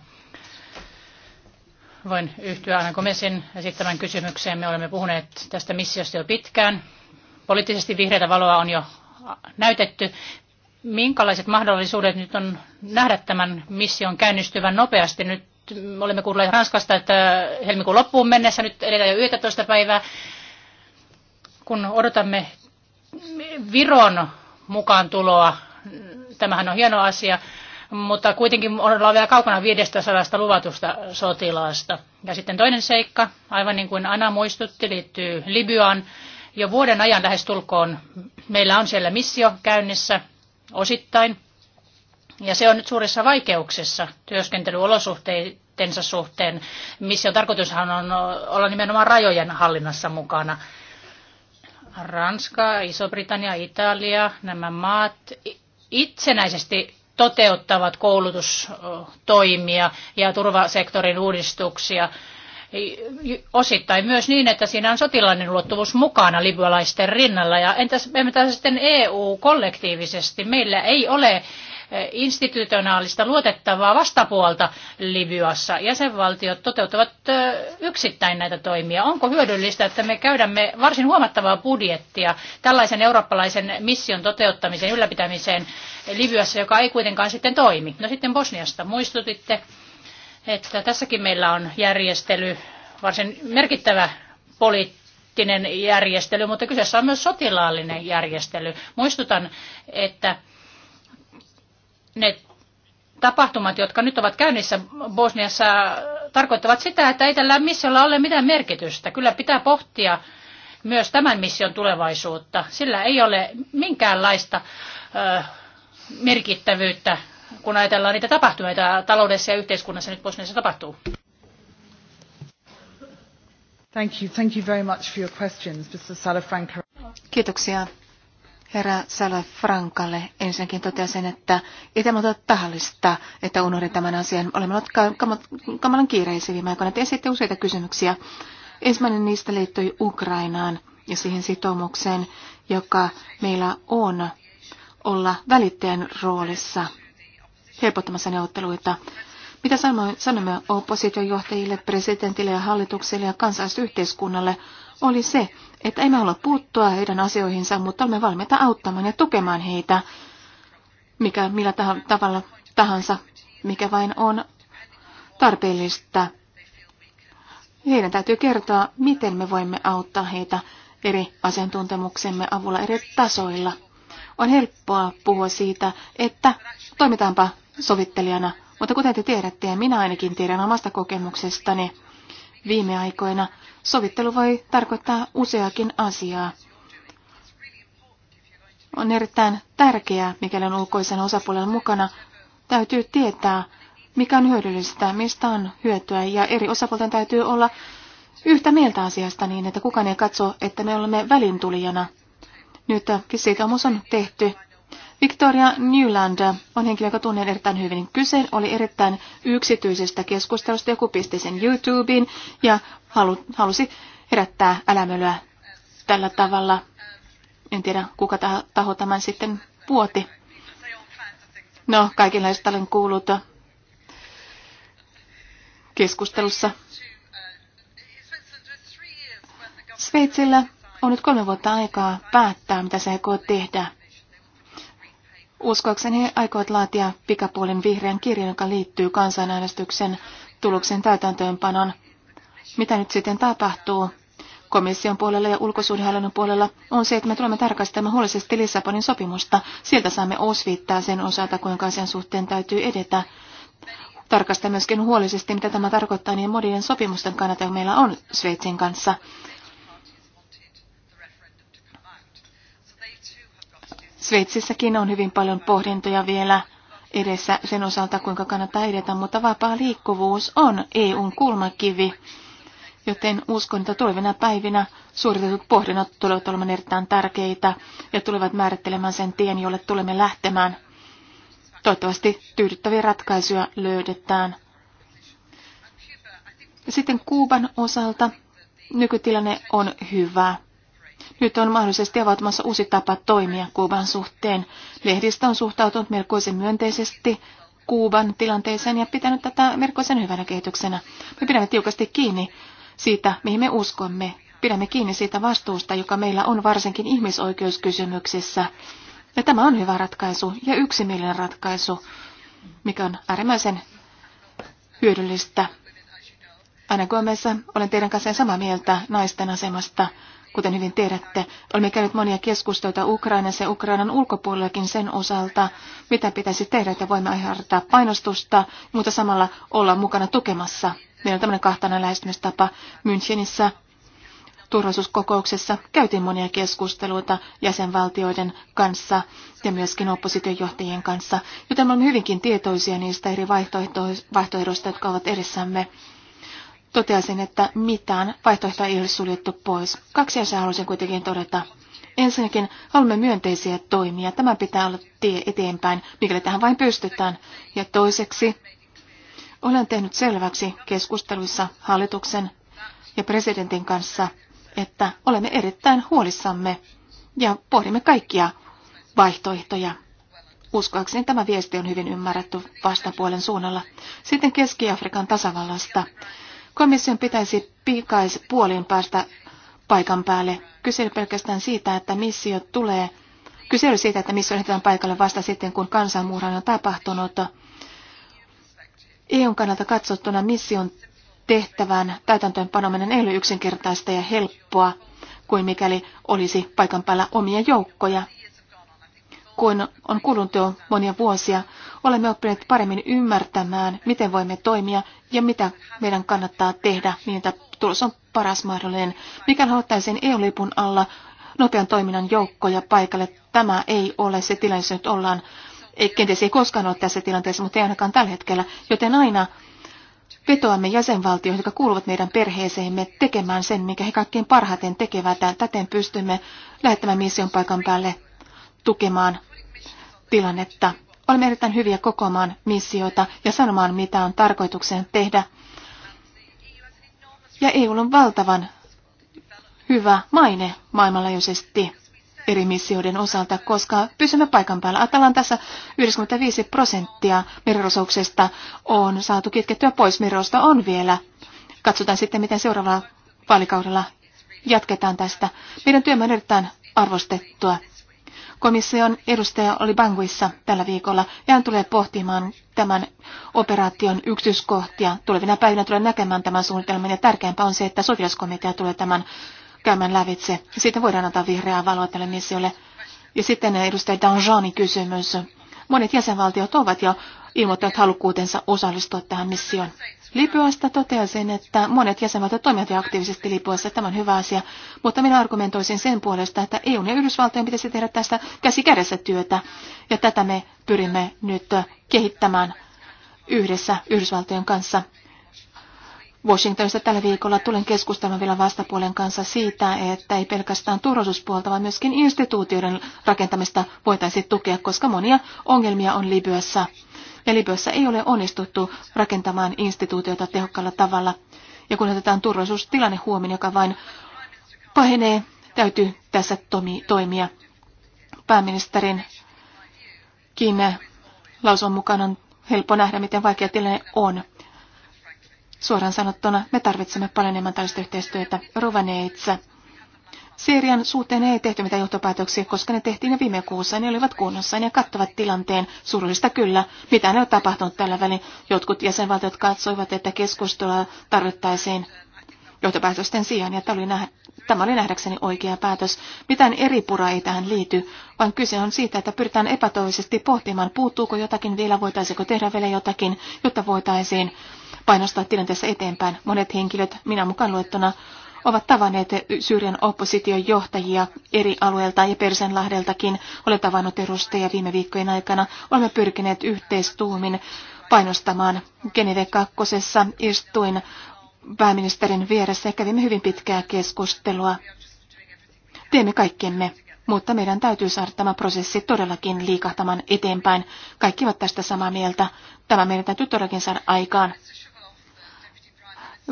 voin yhtyä Anna Gomesin esittämään kysymykseen. Me olemme puhuneet tästä missiosta jo pitkään. Poliittisesti vihreätä valoa on jo näytetty. Minkälaiset mahdollisuudet nyt on nähdä tämän mission käynnistyvän nopeasti? Nyt olemme kuulleet Ranskasta, että helmikuun loppuun mennessä nyt edetään jo 11 päivää. Kun odotamme Viron mukaan tuloa, tämähän on hieno asia, mutta kuitenkin ollaan vielä kaukana 500 luvatusta sotilaasta. Ja sitten toinen seikka, aivan niin kuin Anna muistutti, liittyy Libyaan. Jo vuoden ajan lähestulkoon meillä on siellä missio käynnissä osittain. Ja se on nyt suurissa vaikeuksissa työskentelyolosuhteidensa suhteen. missio tarkoitushan on olla nimenomaan rajojen hallinnassa mukana. Ranska, Iso-Britannia, Italia, nämä maat itsenäisesti toteuttavat koulutustoimia ja turvasektorin uudistuksia – osittain myös niin, että siinä on sotilainen ulottuvuus mukana libyalaisten rinnalla. Ja entäs emme sitten EU kollektiivisesti? Meillä ei ole eh, institutionaalista luotettavaa vastapuolta Libyassa. Jäsenvaltiot toteuttavat eh, yksittäin näitä toimia. Onko hyödyllistä, että me käydämme varsin huomattavaa budjettia tällaisen eurooppalaisen mission toteuttamiseen, ylläpitämiseen Libyassa, joka ei kuitenkaan sitten toimi? No sitten Bosniasta muistutitte että tässäkin meillä on järjestely, varsin merkittävä poliittinen järjestely, mutta kyseessä on myös sotilaallinen järjestely. Muistutan, että ne tapahtumat, jotka nyt ovat käynnissä Bosniassa, tarkoittavat sitä, että ei tällä missiolla ole mitään merkitystä. Kyllä pitää pohtia myös tämän mission tulevaisuutta. Sillä ei ole minkäänlaista merkittävyyttä kun ajatellaan niitä tapahtumia, joita taloudessa ja yhteiskunnassa nyt Bosniassa tapahtuu? Thank you. Thank you very much for your questions, Mr. Kiitoksia herra Salafrankalle. Ensinnäkin totesin, että itse on tahallista, että unohdin tämän asian. Olemme olleet kamalan kiireisiä viime aikoina. Te esitte useita kysymyksiä. Ensimmäinen niistä liittyi Ukrainaan ja siihen sitoumukseen, joka meillä on olla välittäjän roolissa helpottamassa neuvotteluita. Mitä sanomme oppositiojohtajille, presidentille ja hallitukselle ja kansalaisyhteiskunnalle oli se, että emme halua puuttua heidän asioihinsa, mutta olemme valmiita auttamaan ja tukemaan heitä, mikä millä tah- tavalla tahansa, mikä vain on tarpeellista. Heidän täytyy kertoa, miten me voimme auttaa heitä eri asiantuntemuksemme avulla eri tasoilla. On helppoa puhua siitä, että toimitaanpa sovittelijana. Mutta kuten te tiedätte, ja minä ainakin tiedän omasta kokemuksestani, viime aikoina sovittelu voi tarkoittaa useakin asiaa. On erittäin tärkeää, mikäli on ulkoisen osapuolen mukana, täytyy tietää, mikä on hyödyllistä, mistä on hyötyä, ja eri osapuolten täytyy olla yhtä mieltä asiasta niin, että kukaan ei katso, että me olemme välintulijana. Nyt äh, sitoumus on tehty Victoria Newland on henkilö, joka tunnen erittäin hyvin. Kyse oli erittäin yksityisestä keskustelusta. Joku pisti sen YouTubeen ja halu, halusi herättää älämölyä tällä tavalla. En tiedä, kuka taho tämän sitten vuoti. No, kaikenlaista olen kuullut keskustelussa. Sveitsillä on nyt kolme vuotta aikaa päättää, mitä se aikoo tehdä Uskoakseni he aikovat laatia pikapuolen vihreän kirjan, joka liittyy kansanäänestyksen tuloksen täytäntöönpanon. Mitä nyt sitten tapahtuu? Komission puolella ja ulkosuudenhallinnon puolella on se, että me tulemme tarkastamaan huolellisesti Lissabonin sopimusta. Sieltä saamme osviittaa sen osalta, kuinka sen suhteen täytyy edetä. tarkastamme myöskin huolellisesti, mitä tämä tarkoittaa niin modien sopimusten kannalta, joka meillä on Sveitsin kanssa. Sveitsissäkin on hyvin paljon pohdintoja vielä edessä sen osalta, kuinka kannattaa edetä, mutta vapaa liikkuvuus on EUn kulmakivi, joten uskon, että tulevina päivinä suoritetut pohdinnat tulevat olemaan erittäin tärkeitä ja tulevat määrittelemään sen tien, jolle tulemme lähtemään. Toivottavasti tyydyttäviä ratkaisuja löydetään. Sitten Kuuban osalta nykytilanne on hyvä. Nyt on mahdollisesti avautumassa uusi tapa toimia Kuuban suhteen. Lehdistä on suhtautunut melkoisen myönteisesti Kuuban tilanteeseen ja pitänyt tätä melkoisen hyvänä kehityksenä. Me pidämme tiukasti kiinni siitä, mihin me uskomme. Pidämme kiinni siitä vastuusta, joka meillä on varsinkin ihmisoikeuskysymyksissä. Ja tämä on hyvä ratkaisu ja yksimielinen ratkaisu, mikä on äärimmäisen hyödyllistä. Aina Gomessa olen teidän kanssa samaa mieltä naisten asemasta kuten hyvin tiedätte. Olemme käyneet monia keskusteluita Ukrainassa ja Ukrainan ulkopuolellakin sen osalta, mitä pitäisi tehdä, että voimme aiheuttaa painostusta, mutta samalla olla mukana tukemassa. Meillä on tämmöinen kahtainen lähestymistapa Münchenissä turvallisuuskokouksessa käytiin monia keskusteluita jäsenvaltioiden kanssa ja myöskin oppositiojohtajien kanssa, joten olemme hyvinkin tietoisia niistä eri vaihtoehdoista, jotka ovat edessämme toteaisin, että mitään vaihtoehtoja ei ole suljettu pois. Kaksi asiaa haluaisin kuitenkin todeta. Ensinnäkin olemme myönteisiä toimia. Tämä pitää olla tie eteenpäin, mikäli tähän vain pystytään. Ja toiseksi olen tehnyt selväksi keskusteluissa hallituksen ja presidentin kanssa, että olemme erittäin huolissamme ja pohdimme kaikkia vaihtoehtoja. Uskoakseni tämä viesti on hyvin ymmärretty vastapuolen suunnalla. Sitten Keski-Afrikan tasavallasta. Komission pitäisi piikais puolin päästä paikan päälle. Kysely pelkästään siitä, että missio tulee. Kysely siitä, että missio lähdetään paikalle vasta sitten, kun kansanmurhan on tapahtunut. EUn kannalta katsottuna mission tehtävän täytäntöönpanominen ei ole yksinkertaista ja helppoa kuin mikäli olisi paikan päällä omia joukkoja kun on kulunut jo monia vuosia, olemme oppineet paremmin ymmärtämään, miten voimme toimia ja mitä meidän kannattaa tehdä, niin että tulos on paras mahdollinen. Mikä haluttaisiin EU-lipun alla nopean toiminnan joukkoja paikalle, tämä ei ole se tilanne, jossa nyt ollaan. Ei, kenties ei koskaan ole tässä tilanteessa, mutta ei ainakaan tällä hetkellä, joten aina vetoamme jäsenvaltioihin, jotka kuuluvat meidän perheeseemme, tekemään sen, mikä he kaikkein parhaiten tekevät. Täten pystymme lähettämään mission paikan päälle tukemaan tilannetta. Olemme erittäin hyviä kokoamaan missioita ja sanomaan, mitä on tarkoituksen tehdä. Ja EU on valtavan hyvä maine maailmanlaajuisesti eri missioiden osalta, koska pysymme paikan päällä. Atalan tässä 95 prosenttia merirosouksesta on saatu kitkettyä pois. Merirosta on vielä. Katsotaan sitten, miten seuraavalla vaalikaudella jatketaan tästä. Meidän työmme on erittäin arvostettua. Komission edustaja oli Banguissa tällä viikolla ja hän tulee pohtimaan tämän operaation yksityiskohtia. Tulevina päivinä tulee näkemään tämän suunnitelman ja tärkeämpää on se, että sotilaskomitea tulee tämän käymään lävitse. Sitten voidaan antaa vihreää valoa tälle missiolle. Ja sitten edustaja Danjani kysymys. Monet jäsenvaltiot ovat jo ilmoittavat halukkuutensa osallistua tähän missioon. Libyasta toteaisin, että monet jäsenvaltiot toimivat aktiivisesti Libyassa, tämä on hyvä asia, mutta minä argumentoisin sen puolesta, että EU ja Yhdysvaltojen pitäisi tehdä tästä käsi kädessä työtä, ja tätä me pyrimme nyt kehittämään yhdessä Yhdysvaltojen kanssa. Washingtonista tällä viikolla tulen keskustelemaan vielä vastapuolen kanssa siitä, että ei pelkästään turvallisuuspuolta, vaan myöskin instituutioiden rakentamista voitaisiin tukea, koska monia ongelmia on Libyassa ja Libyassa ei ole onnistuttu rakentamaan instituutioita tehokkaalla tavalla. Ja kun otetaan turvallisuustilanne huomioon, joka vain pahenee, täytyy tässä toimia. Pääministerin kiinne lausun mukaan on helppo nähdä, miten vaikea tilanne on. Suoraan sanottuna me tarvitsemme paljon enemmän tällaista yhteistyötä. Rovaneitsa Syyrian suhteen ei tehty mitään johtopäätöksiä, koska ne tehtiin jo viime kuussa. Ne olivat kunnossa ja kattavat tilanteen. Surullista kyllä. Mitä ne on tapahtunut tällä välin? Jotkut jäsenvaltiot katsoivat, että keskustelua tarvittaisiin johtopäätösten sijaan, ja tämä oli, nähdä, tämä oli nähdäkseni oikea päätös. Mitään eri pura ei tähän liity, vaan kyse on siitä, että pyritään epätoivisesti pohtimaan, puuttuuko jotakin vielä, voitaisiinko tehdä vielä jotakin, jotta voitaisiin painostaa tilanteessa eteenpäin. Monet henkilöt, minä mukaan luettuna, ovat tavanneet Syyrian opposition johtajia eri alueilta ja Persenlahdeltakin. Olen tavannut edustajia viime viikkojen aikana. Olemme pyrkineet yhteistuumin painostamaan Geneve 2. Istuin pääministerin vieressä ja kävimme hyvin pitkää keskustelua. Teemme kaikkemme, mutta meidän täytyy saada tämä prosessi todellakin liikahtamaan eteenpäin. Kaikki ovat tästä samaa mieltä. Tämä meidän täytyy todellakin saada aikaan.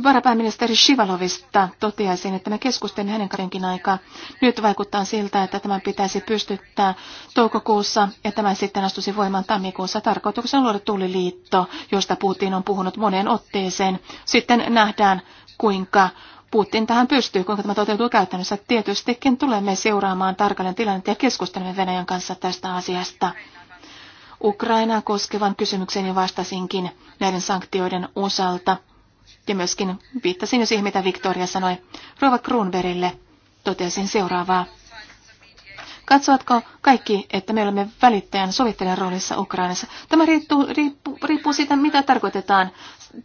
Varapääministeri Shivalovista toteaisin, että me keskustelimme hänen kanssaan aikaa. Nyt vaikuttaa siltä, että tämän pitäisi pystyttää toukokuussa ja tämä sitten astuisi voimaan tammikuussa. Tarkoituksena luoda tulliliitto, josta Putin on puhunut moneen otteeseen. Sitten nähdään, kuinka Putin tähän pystyy, kuinka tämä toteutuu käytännössä. Tietystikin tulemme seuraamaan tarkalleen tilannetta ja keskustelemme Venäjän kanssa tästä asiasta. Ukrainaa koskevan kysymykseni vastasinkin näiden sanktioiden osalta. Ja myöskin viittasin jo siihen, mitä Victoria sanoi. Rova Kruunberille totesin seuraavaa. Katsovatko kaikki, että me olemme välittäjän sovittelijan roolissa Ukrainassa? Tämä riippuu, riippuu, riippuu siitä, mitä tarkoitetaan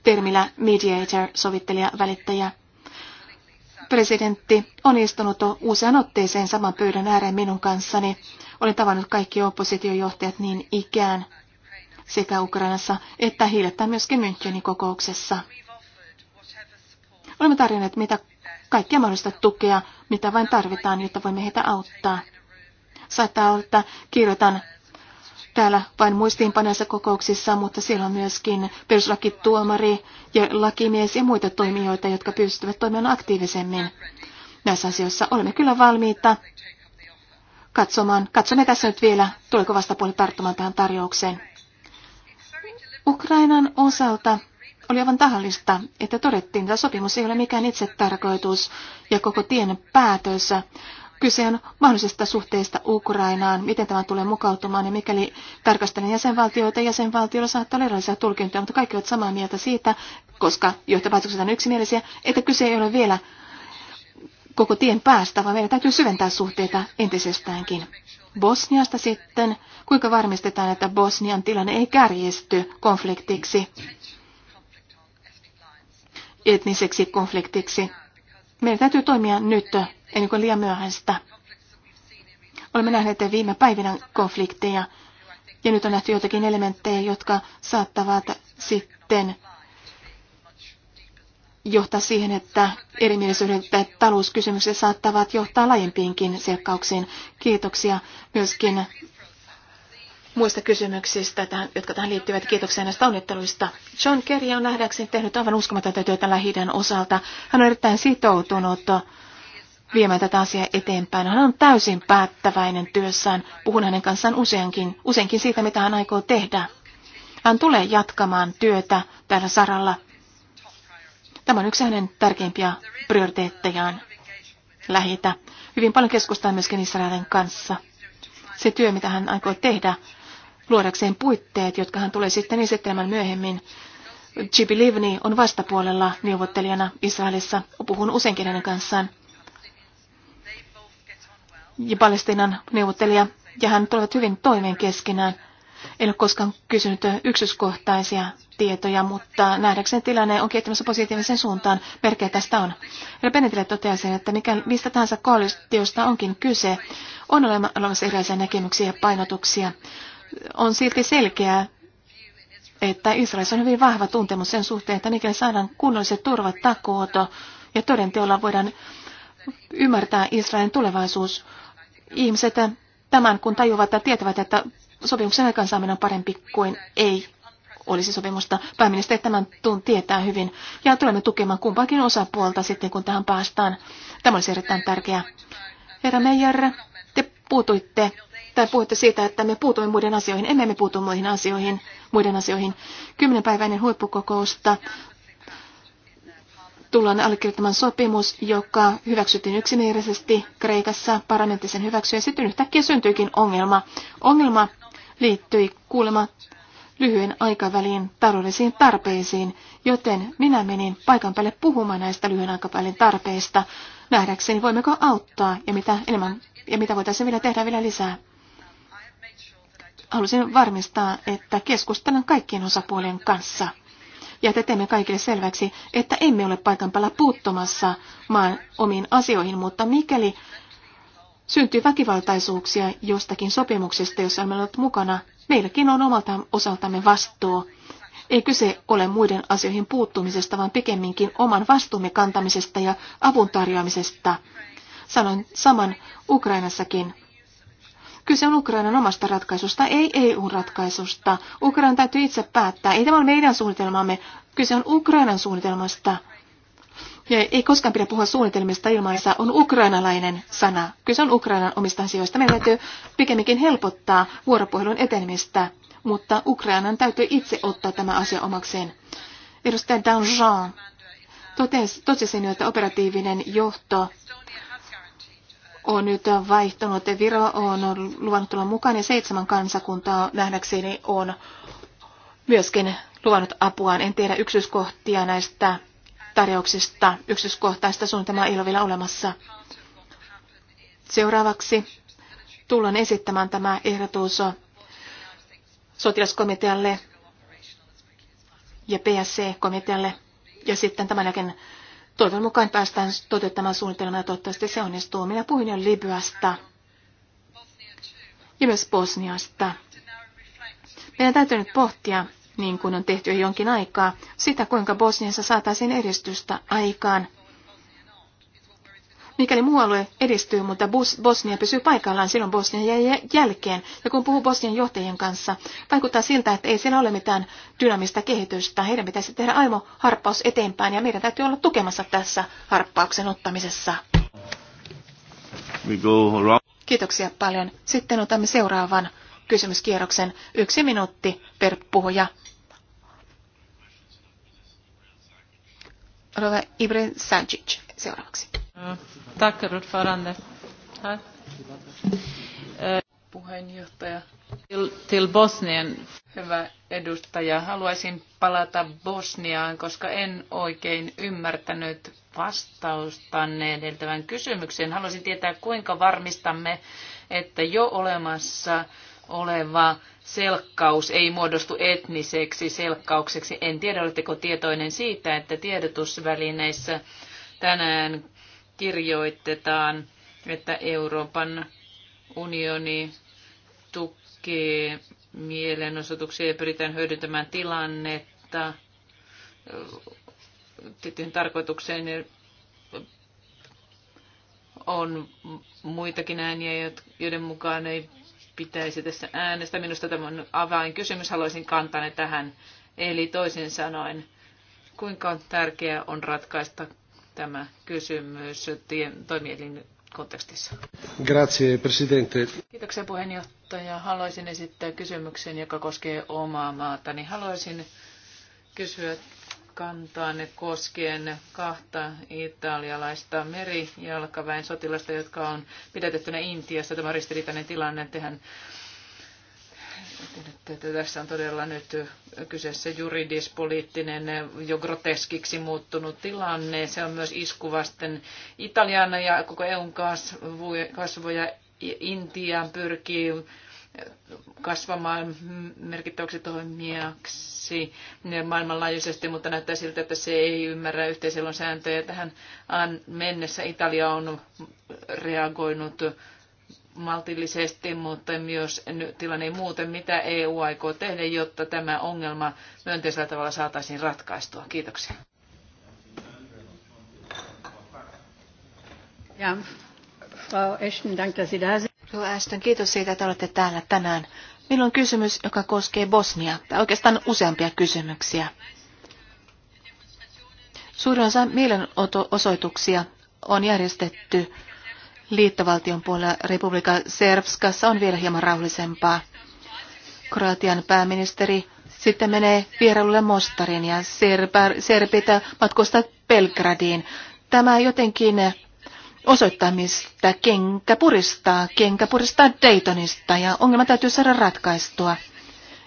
termillä mediator, sovittelija, välittäjä. Presidentti on istunut usean otteeseen saman pöydän ääreen minun kanssani. Olen tavannut kaikki oppositiojohtajat niin ikään sekä Ukrainassa että hiilettä myöskin Münchenin kokouksessa. Olemme tarjonneet mitä kaikkia mahdollista tukea, mitä vain tarvitaan, jotta voimme heitä auttaa. Saattaa olla, että kirjoitan täällä vain muistiinpanoissa kokouksissa, mutta siellä on myöskin peruslakituomari ja lakimies ja muita toimijoita, jotka pystyvät toimimaan aktiivisemmin. Näissä asioissa olemme kyllä valmiita katsomaan. Katsomme tässä nyt vielä, tuleeko vastapuoli tarttumaan tähän tarjoukseen. Ukrainan osalta oli aivan tahallista, että todettiin, että sopimus ei ole mikään tarkoitus ja koko tien päätös. Kyse on mahdollisesta suhteesta Ukrainaan, miten tämä tulee mukautumaan ja mikäli tarkastelen jäsenvaltioita, jäsenvaltioilla saattaa olla erilaisia tulkintoja, mutta kaikki ovat samaa mieltä siitä, koska johtopäätökset on yksimielisiä, että kyse ei ole vielä koko tien päästä, vaan meidän täytyy syventää suhteita entisestäänkin. Bosniasta sitten, kuinka varmistetaan, että Bosnian tilanne ei kärjesty konfliktiksi etniseksi konfliktiksi. Meidän täytyy toimia nyt, ennen kuin liian myöhäistä. Olemme nähneet viime päivinä konflikteja, ja nyt on nähty joitakin elementtejä, jotka saattavat sitten johtaa siihen, että erimielisyydet tai talouskysymykset saattavat johtaa laajempiinkin selkkauksiin. Kiitoksia myöskin muista kysymyksistä, jotka tähän liittyvät. Kiitoksia näistä onnitteluista. John Kerry on nähdäkseni tehnyt aivan uskomatonta työtä lähi osalta. Hän on erittäin sitoutunut viemään tätä asiaa eteenpäin. Hän on täysin päättäväinen työssään. Puhun hänen kanssaan useinkin, useinkin siitä, mitä hän aikoo tehdä. Hän tulee jatkamaan työtä tällä saralla. Tämä on yksi hänen tärkeimpiä prioriteettejaan lähitä. Hyvin paljon keskustellaan myöskin Israelin kanssa. Se työ, mitä hän aikoo tehdä, luodakseen puitteet, jotka hän tulee sitten esittelemään myöhemmin. Chibi Livni on vastapuolella neuvottelijana Israelissa. Puhun useinkin hänen kanssaan. Ja Palestinan neuvottelija ja hän tulevat hyvin toimeen keskenään. En ole koskaan kysynyt yksityiskohtaisia tietoja, mutta nähdäkseni tilanne on kehittymässä positiivisen suuntaan. Merkeä tästä on. Ja Benetille toteaa sen, että mikä, mistä tahansa koalitiosta onkin kyse, on olemassa erilaisia näkemyksiä ja painotuksia on silti selkeää, että Israelissa on hyvin vahva tuntemus sen suhteen, että mikäli saadaan kunnolliset turvat takuoto ja todenteolla voidaan ymmärtää Israelin tulevaisuus. Ihmiset tämän kun tajuvat ja tietävät, että sopimuksen aikaansaaminen on parempi kuin ei olisi sopimusta. Pääministeri tämän tun tietää hyvin ja tulemme tukemaan kumpaakin osapuolta sitten, kun tähän päästään. Tämä olisi erittäin tärkeää. Herra Meijer, te puutuitte tai puhutte siitä, että me puutumme muiden asioihin. Emme me puutu muihin asioihin, muiden asioihin. Kymmenen päiväinen huippukokousta tullaan allekirjoittamaan sopimus, joka hyväksyttiin yksimielisesti Kreikassa, parlamentti sen hyväksyi ja sitten yhtäkkiä syntyikin ongelma. Ongelma liittyi kuulemma lyhyen aikavälin taloudellisiin tarpeisiin, joten minä menin paikan päälle puhumaan näistä lyhyen aikavälin tarpeista, nähdäkseni voimmeko auttaa ja mitä, enemmän, ja mitä voitaisiin vielä tehdä vielä lisää halusin varmistaa, että keskustelen kaikkien osapuolien kanssa ja että teemme kaikille selväksi, että emme ole paikan päällä puuttumassa maan omiin asioihin, mutta mikäli syntyy väkivaltaisuuksia jostakin sopimuksesta, jossa olemme olleet mukana, meilläkin on omalta osaltamme vastuu. Ei kyse ole muiden asioihin puuttumisesta, vaan pikemminkin oman vastuumme kantamisesta ja avun tarjoamisesta. Sanoin saman Ukrainassakin. Kyse on Ukrainan omasta ratkaisusta, ei EU-ratkaisusta. Ukraina täytyy itse päättää. Ei tämä ole meidän suunnitelmamme. Kyse on Ukrainan suunnitelmasta. Ja ei koskaan pidä puhua suunnitelmista ilmaissa on ukrainalainen sana. Kyse on Ukrainan omista asioista. Meidän täytyy pikemminkin helpottaa vuoropuhelun etenemistä, mutta Ukrainan täytyy itse ottaa tämä asia omakseen. Edustaja Danjean totesi, totesin että operatiivinen johto on nyt vaihtunut. Viro on luvannut tulla mukaan ja seitsemän kansakuntaa nähdäkseni on myöskin luvannut apuaan. En tiedä yksityiskohtia näistä tarjouksista. Yksityiskohtaista suunnitelmaa ei ole vielä olemassa. Seuraavaksi tullaan esittämään tämä ehdotus sotilaskomitealle ja PSC-komitealle. Ja sitten tämän jälkeen Toivon mukaan päästään toteuttamaan suunnitelmaa ja toivottavasti se onnistuu. Minä puhun jo Libyasta ja myös Bosniasta. Meidän täytyy nyt pohtia, niin kuin on tehty jo jonkin aikaa, sitä, kuinka Bosniassa saataisiin edistystä aikaan Mikäli muu alue edistyy, mutta Bosnia pysyy paikallaan, silloin Bosnia jälkeen. Ja kun puhuu Bosnian johtajien kanssa, vaikuttaa siltä, että ei siellä ole mitään dynamista kehitystä. Heidän pitäisi tehdä aimo harppaus eteenpäin ja meidän täytyy olla tukemassa tässä harppauksen ottamisessa. Kiitoksia paljon. Sitten otamme seuraavan kysymyskierroksen. Yksi minuutti per puhuja. Rova Ibre Sancic seuraavaksi. Tack, ordförande. Eh, puheenjohtaja. Till, til Bosnian. Hyvä edustaja. Haluaisin palata Bosniaan, koska en oikein ymmärtänyt vastaustanne edeltävän kysymykseen. Haluaisin tietää, kuinka varmistamme, että jo olemassa oleva selkkaus ei muodostu etniseksi selkkaukseksi. En tiedä, oletteko tietoinen siitä, että tiedotusvälineissä tänään kirjoitetaan, että Euroopan unioni tukee mielenosoituksia ja pyritään hyödyntämään tilannetta tiettyyn tarkoitukseen. On muitakin ääniä, joiden mukaan ei pitäisi tässä äänestä. Minusta tämä on avainkysymys. Haluaisin kantaa ne tähän. Eli toisin sanoen, kuinka tärkeää on ratkaista tämä kysymys toimielin kontekstissa. Grazie, presidente. Kiitoksia puheenjohtaja. Haluaisin esittää kysymyksen, joka koskee omaa maatani. haluaisin kysyä kantaanne koskien kahta italialaista merijalkaväen sotilasta, jotka on pidätettynä Intiassa. Tämä on ristiriitainen tilanne. Tehän että tässä on todella nyt kyseessä juridispoliittinen, jo groteskiksi muuttunut tilanne. Se on myös iskuvasten Italian ja koko EUn kasvoja Intiaan pyrkii kasvamaan merkittäväksi toimijaksi maailmanlaajuisesti, mutta näyttää siltä, että se ei ymmärrä yhteiselon sääntöjä. Tähän mennessä Italia on reagoinut maltillisesti, mutta myös tilanne ei muuten, mitä EU aikoo tehdä, jotta tämä ongelma myönteisellä tavalla saataisiin ratkaistua? Kiitoksia. Ja, Frau Ashton, dank, Frau Ashton, kiitos siitä, että olette täällä tänään. Minulla on kysymys, joka koskee Bosnia, tai oikeastaan useampia kysymyksiä. Suurin osa mielenosoituksia on järjestetty liittovaltion puolella Republika Serbskassa on vielä hieman rauhallisempaa. Kroatian pääministeri sitten menee vierailulle Mostarin ja Serbitä matkustaa Belgradiin. Tämä jotenkin osoittaa, mistä kenkä puristaa. Kenkä puristaa Daytonista ja ongelma täytyy saada ratkaistua.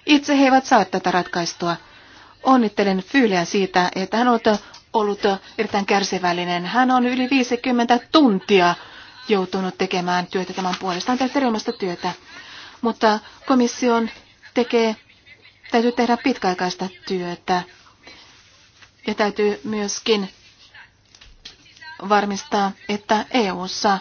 Itse he eivät saa tätä ratkaistua. Onnittelen Fyyliä siitä, että hän on ollut erittäin kärsivällinen. Hän on yli 50 tuntia joutunut tekemään työtä tämän puolestaan tai erilaista työtä. Mutta komission tekee, täytyy tehdä pitkäaikaista työtä ja täytyy myöskin varmistaa, että EU:ssa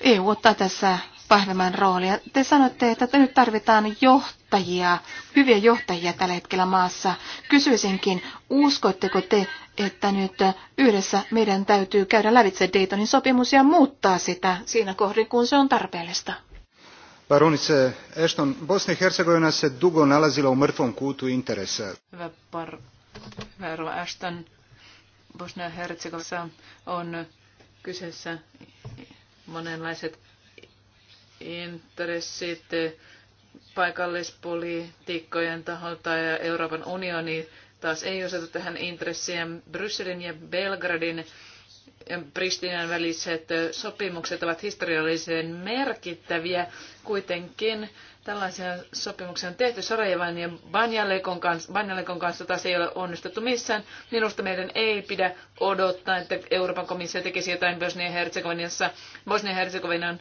EU ottaa tässä vahvemman roolia. Te sanoitte, että nyt tarvitaan johtajia, hyviä johtajia tällä hetkellä maassa. Kysyisinkin, uskotteko te, että nyt yhdessä meidän täytyy käydä lävitse Daytonin sopimus ja muuttaa sitä siinä kohdin, kun se on tarpeellista? Baronice Ashton, Bosnia Herzegovina se dugo nalazila u mrtvom kutu interesa. Hyvä, par, hyvä Ashton. bosnia Herzegovina on kyseessä monenlaiset intressit paikallispolitiikkojen taholta ja Euroopan unioni taas ei osata tähän intressiä. Brysselin ja Belgradin Pristinan väliset sopimukset ovat historiallisen merkittäviä. Kuitenkin tällaisia sopimuksia on tehty Sarajevan ja Banjalekon kanssa, Banjalekon kanssa taas ei ole onnistuttu missään. Minusta meidän ei pidä odottaa, että Euroopan komissio tekisi jotain Bosnia-Herzegovinassa. Bosnia-Herzegovinan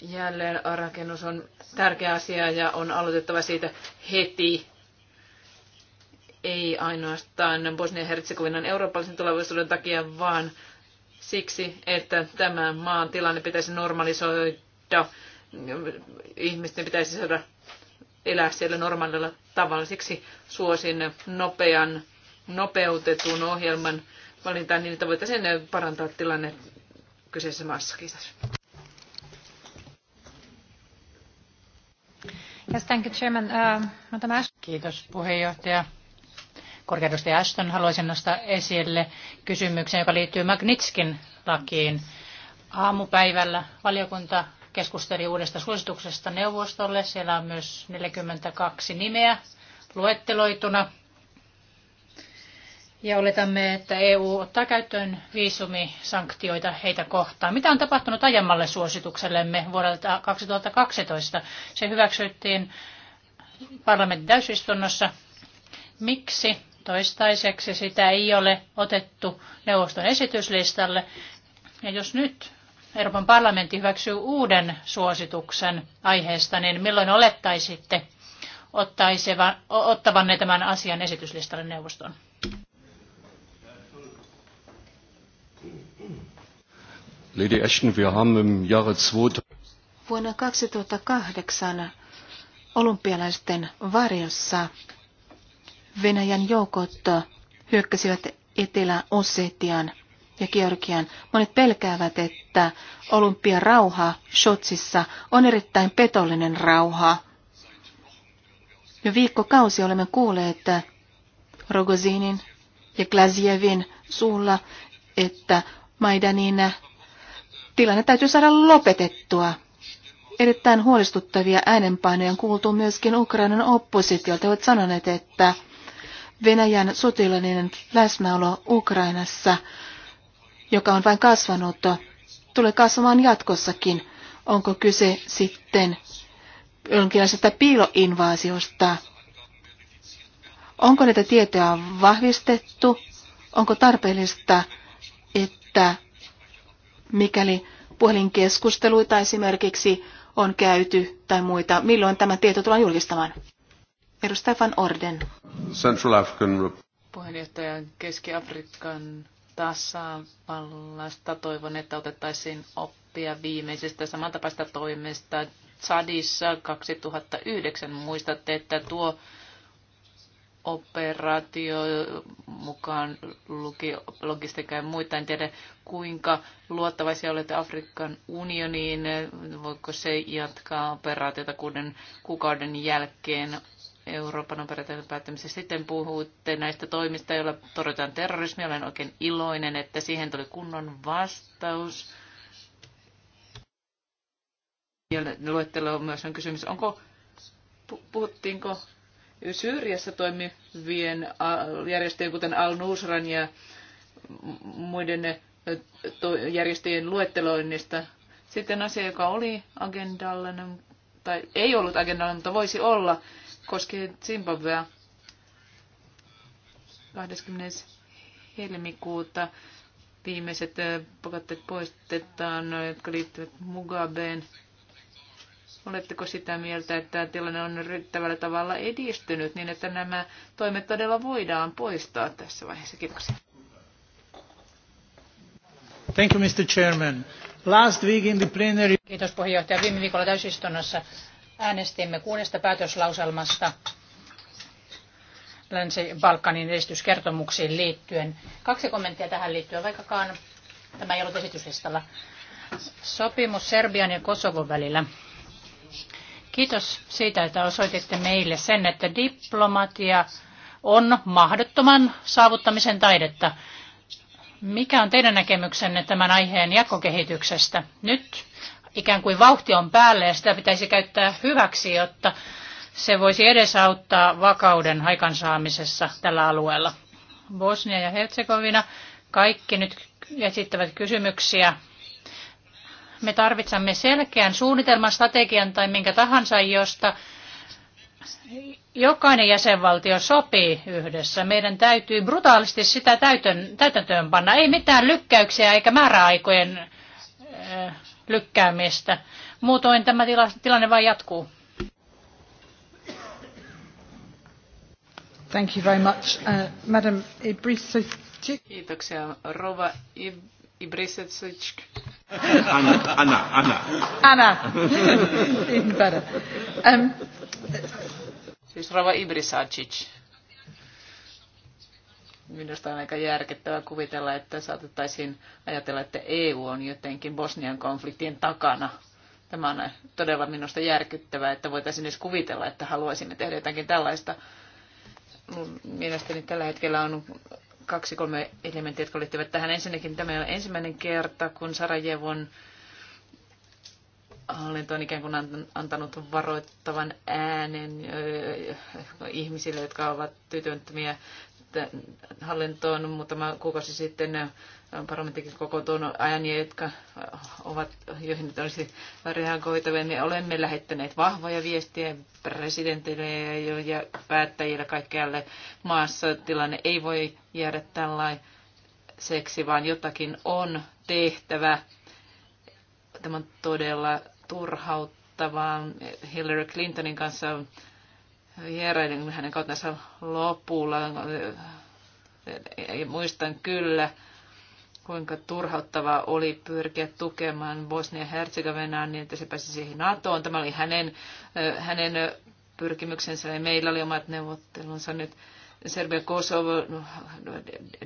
jälleen rakennus on tärkeä asia ja on aloitettava siitä heti. Ei ainoastaan Bosnia-Herzegovinan eurooppalaisen tulevaisuuden takia, vaan siksi, että tämän maan tilanne pitäisi normalisoida. Ihmisten pitäisi saada elää siellä normaalilla tavalla. Siksi suosin nopean, nopeutetun ohjelman valintaan niin, että voitaisiin parantaa tilanne kyseisessä maassa. Kiitos. Yes, thank you, Chairman. Uh, Kiitos puheenjohtaja. Korkeudustaja Ashton haluaisin nostaa esille kysymyksen, joka liittyy Magnitskin lakiin. Aamupäivällä valiokunta keskusteli uudesta suosituksesta neuvostolle. Siellä on myös 42 nimeä luetteloituna. Ja oletamme, että EU ottaa käyttöön viisumisanktioita heitä kohtaan. Mitä on tapahtunut aiemmalle suosituksellemme vuodelta 2012? Se hyväksyttiin parlamentin täysistunnossa. Miksi toistaiseksi sitä ei ole otettu neuvoston esityslistalle? Ja jos nyt Euroopan parlamentti hyväksyy uuden suosituksen aiheesta, niin milloin olettaisitte ottavanne tämän asian esityslistalle neuvostoon? Lady Ashton, wir haben im Jahre 2000... Vuonna 2008 olympialaisten varjossa Venäjän joukot hyökkäsivät Etelä-Ossetian ja Georgian. Monet pelkäävät, että olympiarauha Shotsissa on erittäin petollinen rauha. Jo viikkokausi olemme kuulleet Rogozinin ja Glazievin suulla, että Maidanin Tilanne täytyy saada lopetettua. Erittäin huolestuttavia äänenpainoja on kuultu myöskin Ukrainan oppositiolta. He ovat sanoneet, että Venäjän sotilainen läsnäolo Ukrainassa, joka on vain kasvanut, tulee kasvamaan jatkossakin. Onko kyse sitten jonkinlaisesta piiloinvaasiosta? Onko näitä tietoja vahvistettu? Onko tarpeellista, että mikäli puhelinkeskusteluita esimerkiksi on käyty tai muita. Milloin tämä tieto tullaan julkistamaan? Edustaja Van Orden. Central African... Puheenjohtaja Keski-Afrikan tasavallasta toivon, että otettaisiin oppia viimeisestä samantapaista toimesta Tsadissa 2009. Muistatte, että tuo operaatio mukaan luki, logistiikka ja muita. En tiedä, kuinka luottavaisia olette Afrikan unioniin. Voiko se jatkaa operaatiota kuuden kuukauden jälkeen Euroopan operaation päättämisessä. Sitten puhutte näistä toimista, joilla torjutaan terrorismia. Olen oikein iloinen, että siihen tuli kunnon vastaus. Ja luettelo myös on kysymys, onko, puhuttiinko Syyriassa toimivien järjestöjen, kuten Al-Nusran ja muiden järjestöjen luetteloinnista. Sitten asia, joka oli agendalla, no, tai ei ollut agendalla, mutta voisi olla, koskee Zimbabwea 20. helmikuuta. Viimeiset pakotteet poistetaan, jotka liittyvät Mugabeen Oletteko sitä mieltä, että tämä tilanne on riittävällä tavalla edistynyt niin, että nämä toimet todella voidaan poistaa tässä vaiheessa? Kiitoksia. Thank you, Mr. Chairman. Last week in the plenary... Kiitos puheenjohtaja. Viime viikolla täysistunnossa äänestimme kuudesta päätöslauselmasta Länsi-Balkanin edistyskertomuksiin liittyen. Kaksi kommenttia tähän liittyen, vaikkakaan tämä ei ollut esityslistalla. Sopimus Serbian ja Kosovon välillä Kiitos siitä, että osoititte meille sen, että diplomatia on mahdottoman saavuttamisen taidetta. Mikä on teidän näkemyksenne tämän aiheen jatkokehityksestä? Nyt ikään kuin vauhti on päällä ja sitä pitäisi käyttää hyväksi, jotta se voisi edesauttaa vakauden aikansaamisessa tällä alueella. Bosnia ja Herzegovina kaikki nyt esittävät kysymyksiä me tarvitsemme selkeän suunnitelman, strategian tai minkä tahansa, josta jokainen jäsenvaltio sopii yhdessä. Meidän täytyy brutaalisti sitä täytön, täytäntöön panna. Ei mitään lykkäyksiä eikä määräaikojen lykkäämistä. Muutoin tämä tilanne vain jatkuu. Thank you very much. Uh, Madam Ibrisi. Kiitoksia. Rova Ibrisat всички. Anna, Anna, Anna. Anna. Even better. Um, siis Rava Ibrisacic. Minusta on aika järkettävää kuvitella, että saatettaisiin ajatella, että EU on jotenkin Bosnian konfliktien takana. Tämä on todella minusta järkyttävää, että voitaisiin edes kuvitella, että haluaisimme tehdä jotakin tällaista. Mielestäni tällä hetkellä on kaksi kolme elementtiä, jotka liittyvät tähän. Ensinnäkin tämä on ensimmäinen kerta, kun Sarajevon hallinto on ikään kuin antanut varoittavan äänen öö, ihmisille, jotka ovat tytöntömiä hallintoon. Muutama kuukausi sitten koko tuon ajan, jotka ovat, joihin nyt olisi reagoitavia. Me olemme lähettäneet vahvoja viestiä presidentille ja päättäjille kaikkialle maassa. Tilanne ei voi jäädä tällaiseksi, vaan jotakin on tehtävä. Tämä on todella turhauttavaa. Hillary Clintonin kanssa vierailin hänen kautensa lopulla. Ja muistan kyllä, kuinka turhauttavaa oli pyrkiä tukemaan Bosnia-Herzegovinaa niin, että se pääsi siihen NATOon. Tämä oli hänen, hänen pyrkimyksensä ja meillä oli omat neuvottelunsa nyt. Serbia Kosovo no,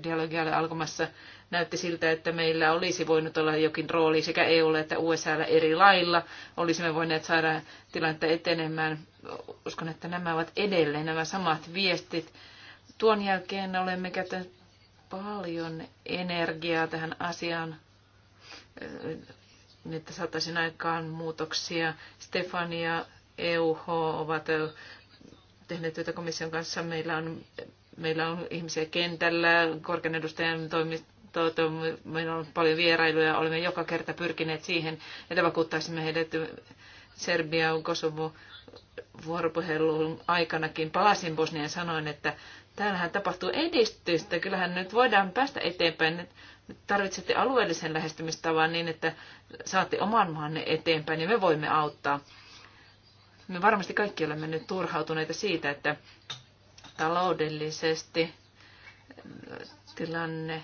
dialogialle alkamassa näytti siltä, että meillä olisi voinut olla jokin rooli sekä EUlle että USA eri lailla. Olisimme voineet saada tilannetta etenemään. Uskon, että nämä ovat edelleen nämä samat viestit. Tuon jälkeen olemme käyttäneet paljon energiaa tähän asiaan, että saataisiin aikaan muutoksia. Stefania EUH ovat tehneet työtä komission kanssa. Meillä on, meillä on ihmisiä kentällä, korkean edustajan toimisto, meillä on paljon vierailuja, olemme joka kerta pyrkineet siihen, että vakuuttaisimme heidät Serbia, Kosovo, vuoropuhelun aikanakin palasin Bosnian sanoin, että täällähän tapahtuu edistystä. Kyllähän nyt voidaan päästä eteenpäin. Nyt tarvitsette alueellisen lähestymistavan niin, että saatte oman maanne eteenpäin ja me voimme auttaa. Me varmasti kaikki olemme nyt turhautuneita siitä, että taloudellisesti tilanne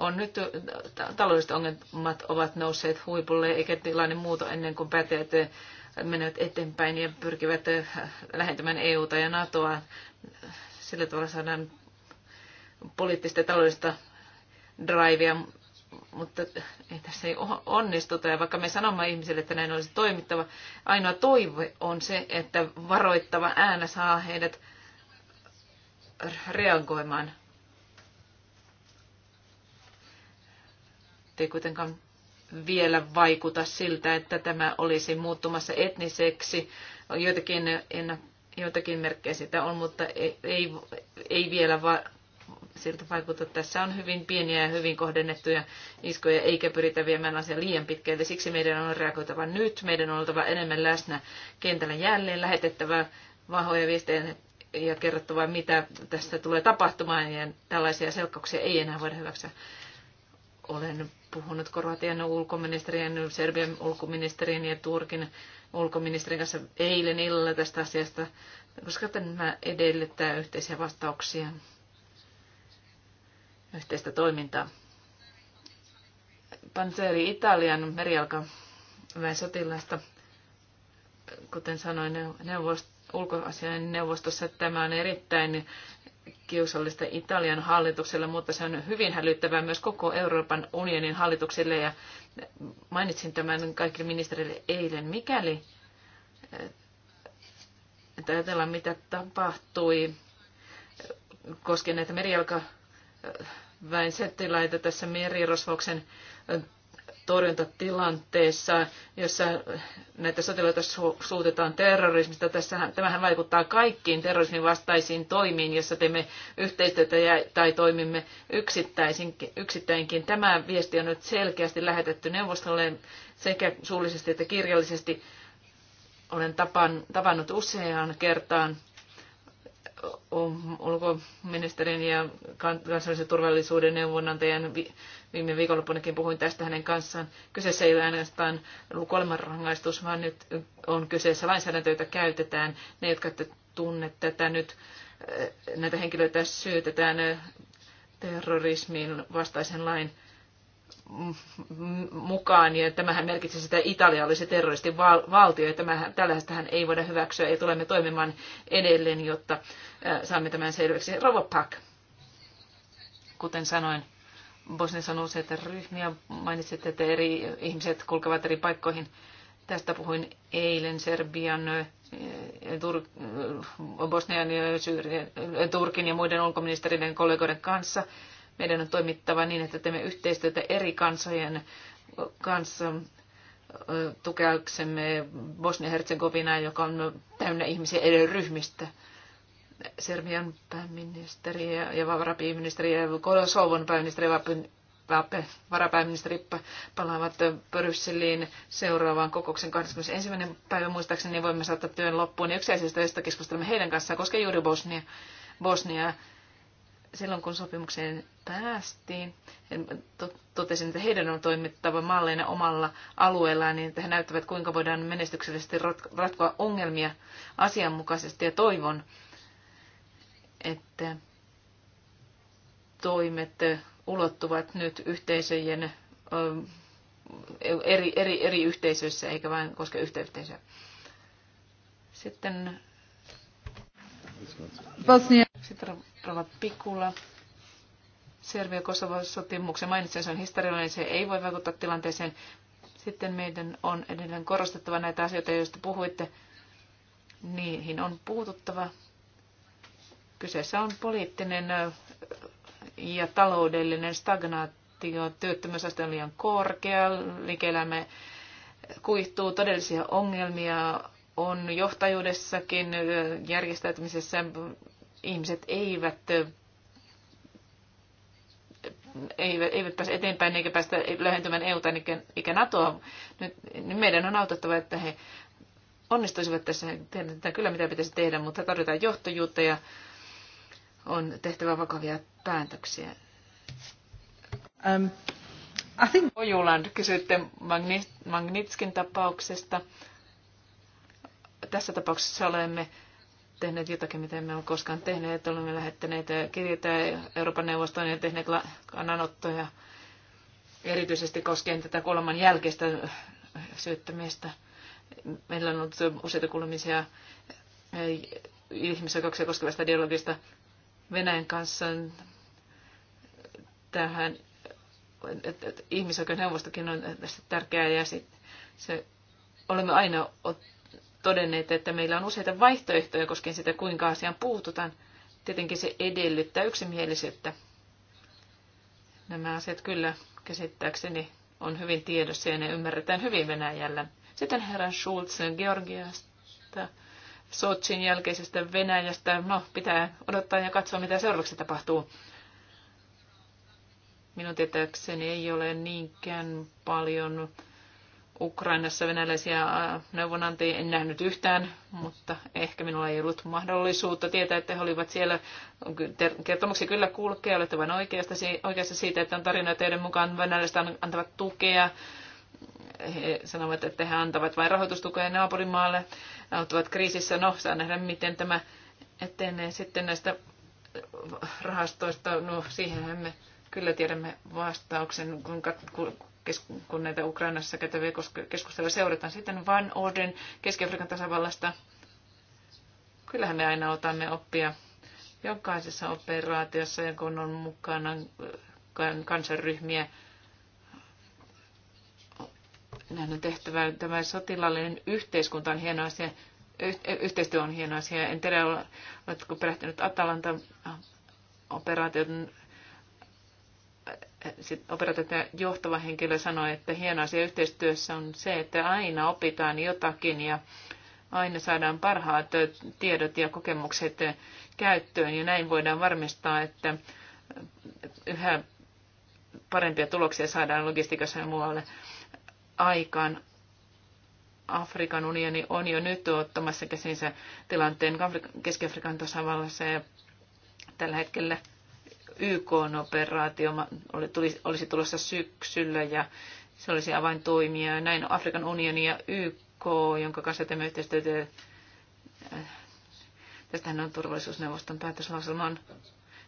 on nyt, taloudelliset ongelmat ovat nousseet huipulle, eikä tilanne muuta ennen kuin päteet menevät eteenpäin ja pyrkivät lähentämään EUta ja NATOa sillä tavalla saadaan poliittista ja taloudellista drivea, mutta ei tässä ei onnistuta. Ja vaikka me sanomme ihmisille, että näin olisi toimittava, ainoa toive on se, että varoittava ääni saa heidät reagoimaan. Ei kuitenkaan vielä vaikuta siltä, että tämä olisi muuttumassa etniseksi. Joitakin joitakin merkkejä sitä on, mutta ei, ei, ei vielä va- siltä vaikuta. Tässä on hyvin pieniä ja hyvin kohdennettuja iskoja, eikä pyritä viemään asiaa liian pitkälle. Siksi meidän on reagoitava nyt, meidän on oltava enemmän läsnä kentällä jälleen, lähetettävä vahoja viestejä ja kerrottava, mitä tästä tulee tapahtumaan, ja tällaisia selkkauksia ei enää voida hyväksyä. Olen puhunut Kroatian ulkoministerien, Serbian ulkoministerien ja Turkin ulkoministerin kanssa eilen illalla tästä asiasta, koska tämä edellyttää yhteisiä vastauksia, yhteistä toimintaa. Panzeri Italian merialka sotilaista, kuten sanoin neuvost, ulkoasian neuvostossa, tämä on erittäin kiusallista Italian hallitukselle, mutta se on hyvin hälyttävää myös koko Euroopan unionin hallituksille. Ja mainitsin tämän kaikille ministerille eilen, mikäli eh, että ajatellaan, mitä tapahtui koskien näitä merijalkaväen settilaita tässä merirosvoksen eh, torjuntatilanteessa, jossa näitä sotilaita su- suutetaan terrorismista. Tässähän, tämähän vaikuttaa kaikkiin terrorismin vastaisiin toimiin, jossa teemme yhteistyötä ja, tai toimimme yksittäinkin. Tämä viesti on nyt selkeästi lähetetty neuvostolle sekä suullisesti että kirjallisesti. Olen tapan, tavannut useaan kertaan ulkoministerin ja kansallisen turvallisuuden neuvonantajan viime viikonloppunakin puhuin tästä hänen kanssaan. Kyseessä ei ole ainoastaan kuolemanrangaistus, vaan nyt on kyseessä lainsäädäntö, jota käytetään. Ne, jotka ette tunne tätä nyt, eh, näitä henkilöitä syytetään eh, terrorismin vastaisen lain mukaan, ja tämähän merkitsi sitä, että Italia olisi terroristin val- valtio, ja tämähän, ei voida hyväksyä, ja tulemme toimimaan edelleen, jotta saamme tämän selväksi. Rova Pack, kuten sanoin, Bosniassa on useita ryhmiä, mainitsit, että eri ihmiset kulkevat eri paikkoihin. Tästä puhuin eilen Serbian, Tur- Bosnian, ja Turkin ja muiden ulkoministerien kollegoiden kanssa – meidän on toimittava niin, että teemme yhteistyötä eri kansojen kanssa tukeaksemme bosnia herzegovina joka on täynnä ihmisiä eri ryhmistä. Serbian pääministeri ja varapääministeri ja Kosovon pääministeri ja varapääministeri palaavat Brysseliin seuraavaan kokouksen 21. päivä muistaakseni, niin voimme saattaa työn loppuun. Yksi asiasta, josta keskustelemme heidän kanssaan, koskee juuri Bosnia. Bosnia silloin kun sopimukseen päästiin, totesin, että heidän on toimittava malleina omalla alueellaan, niin että he näyttävät, kuinka voidaan menestyksellisesti ratkoa ongelmia asianmukaisesti. Ja toivon, että toimet ulottuvat nyt yhteisöjen eri, eri, eri yhteisöissä, eikä vain koske yhteyteisöä. Sitten Bosnia. Sitten Rova Pikula. Serbia-Kosovo-sopimuksen mainitsen, se on historiallinen, se ei voi vaikuttaa tilanteeseen. Sitten meidän on edelleen korostettava näitä asioita, joista puhuitte. Niihin on puututtava. Kyseessä on poliittinen ja taloudellinen stagnaatio. Työttömyysaste on liian korkea, liike kuihtuu, todellisia ongelmia on johtajuudessakin järjestäytymisessä ihmiset eivät eivät, eivät pääse eteenpäin eikä päästä lähentymään EUta eikä, eikä NATOa. Nyt, niin meidän on autettava, että he onnistuisivat tässä. Tiedetään kyllä, mitä pitäisi tehdä, mutta tarvitaan johtajuutta ja on tehtävä vakavia päätöksiä. Um, I think... Ojuland kysytte Magnitskin tapauksesta tässä tapauksessa olemme tehneet jotakin, mitä emme ole koskaan tehneet. Olemme lähettäneet kirjeitä Euroopan neuvostoon ja tehneet kannanottoja erityisesti koskien tätä kuoleman jälkeistä syyttämistä. Meillä on ollut useita kuulemisia eh, ihmisoikeuksia koskevasta dialogista Venäjän kanssa tähän ihmisoikeusneuvostokin on tästä tärkeää ja sit se, olemme aina todenneet, että meillä on useita vaihtoehtoja koskien sitä, kuinka asiaan puututaan. Tietenkin se edellyttää yksimielisyyttä. Nämä asiat kyllä käsittääkseni on hyvin tiedossa ja ne ymmärretään hyvin Venäjällä. Sitten herran Schulzen Georgiasta, Sotsin jälkeisestä Venäjästä. No, pitää odottaa ja katsoa, mitä seuraavaksi tapahtuu. Minun tietääkseni ei ole niinkään paljon Ukrainassa venäläisiä neuvonantajia en nähnyt yhtään, mutta ehkä minulla ei ollut mahdollisuutta tietää, että he olivat siellä. Kertomuksia kyllä kulkee, olette vain oikeasta, oikeassa siitä, että on tarina teidän mukaan venäläiset antavat tukea. He sanovat, että he antavat vain rahoitustukea naapurimaalle, auttavat kriisissä. No, saa nähdä, miten tämä etenee sitten näistä rahastoista. No, siihen me kyllä tiedämme vastauksen, kun kun näitä Ukrainassa käytäviä keskusteluja seurataan. Sitten Van Orden Keski-Afrikan tasavallasta. Kyllähän me aina otamme oppia jokaisessa operaatiossa ja kun on mukana äh, kansanryhmiä. Näin on tehtävä. Tämä sotilallinen yhteiskunta on hieno asia. Äh, yhteistyö on hieno asia. En tiedä, oletko perehtynyt Atalanta-operaation operatiivinen johtava henkilö sanoi, että hieno asia yhteistyössä on se, että aina opitaan jotakin ja aina saadaan parhaat tiedot ja kokemukset käyttöön ja näin voidaan varmistaa, että yhä parempia tuloksia saadaan logistiikassa ja muualle aikaan. Afrikan unioni on jo nyt ottamassa käsinsä tilanteen Keski-Afrikan tasavallassa ja tällä hetkellä YK-operaatio olisi tulossa syksyllä ja se olisi avaintoimija. Näin Afrikan unioni ja YK, jonka kanssa teemme yhteistyötä, äh, tästähän on turvallisuusneuvoston päätöslauselma,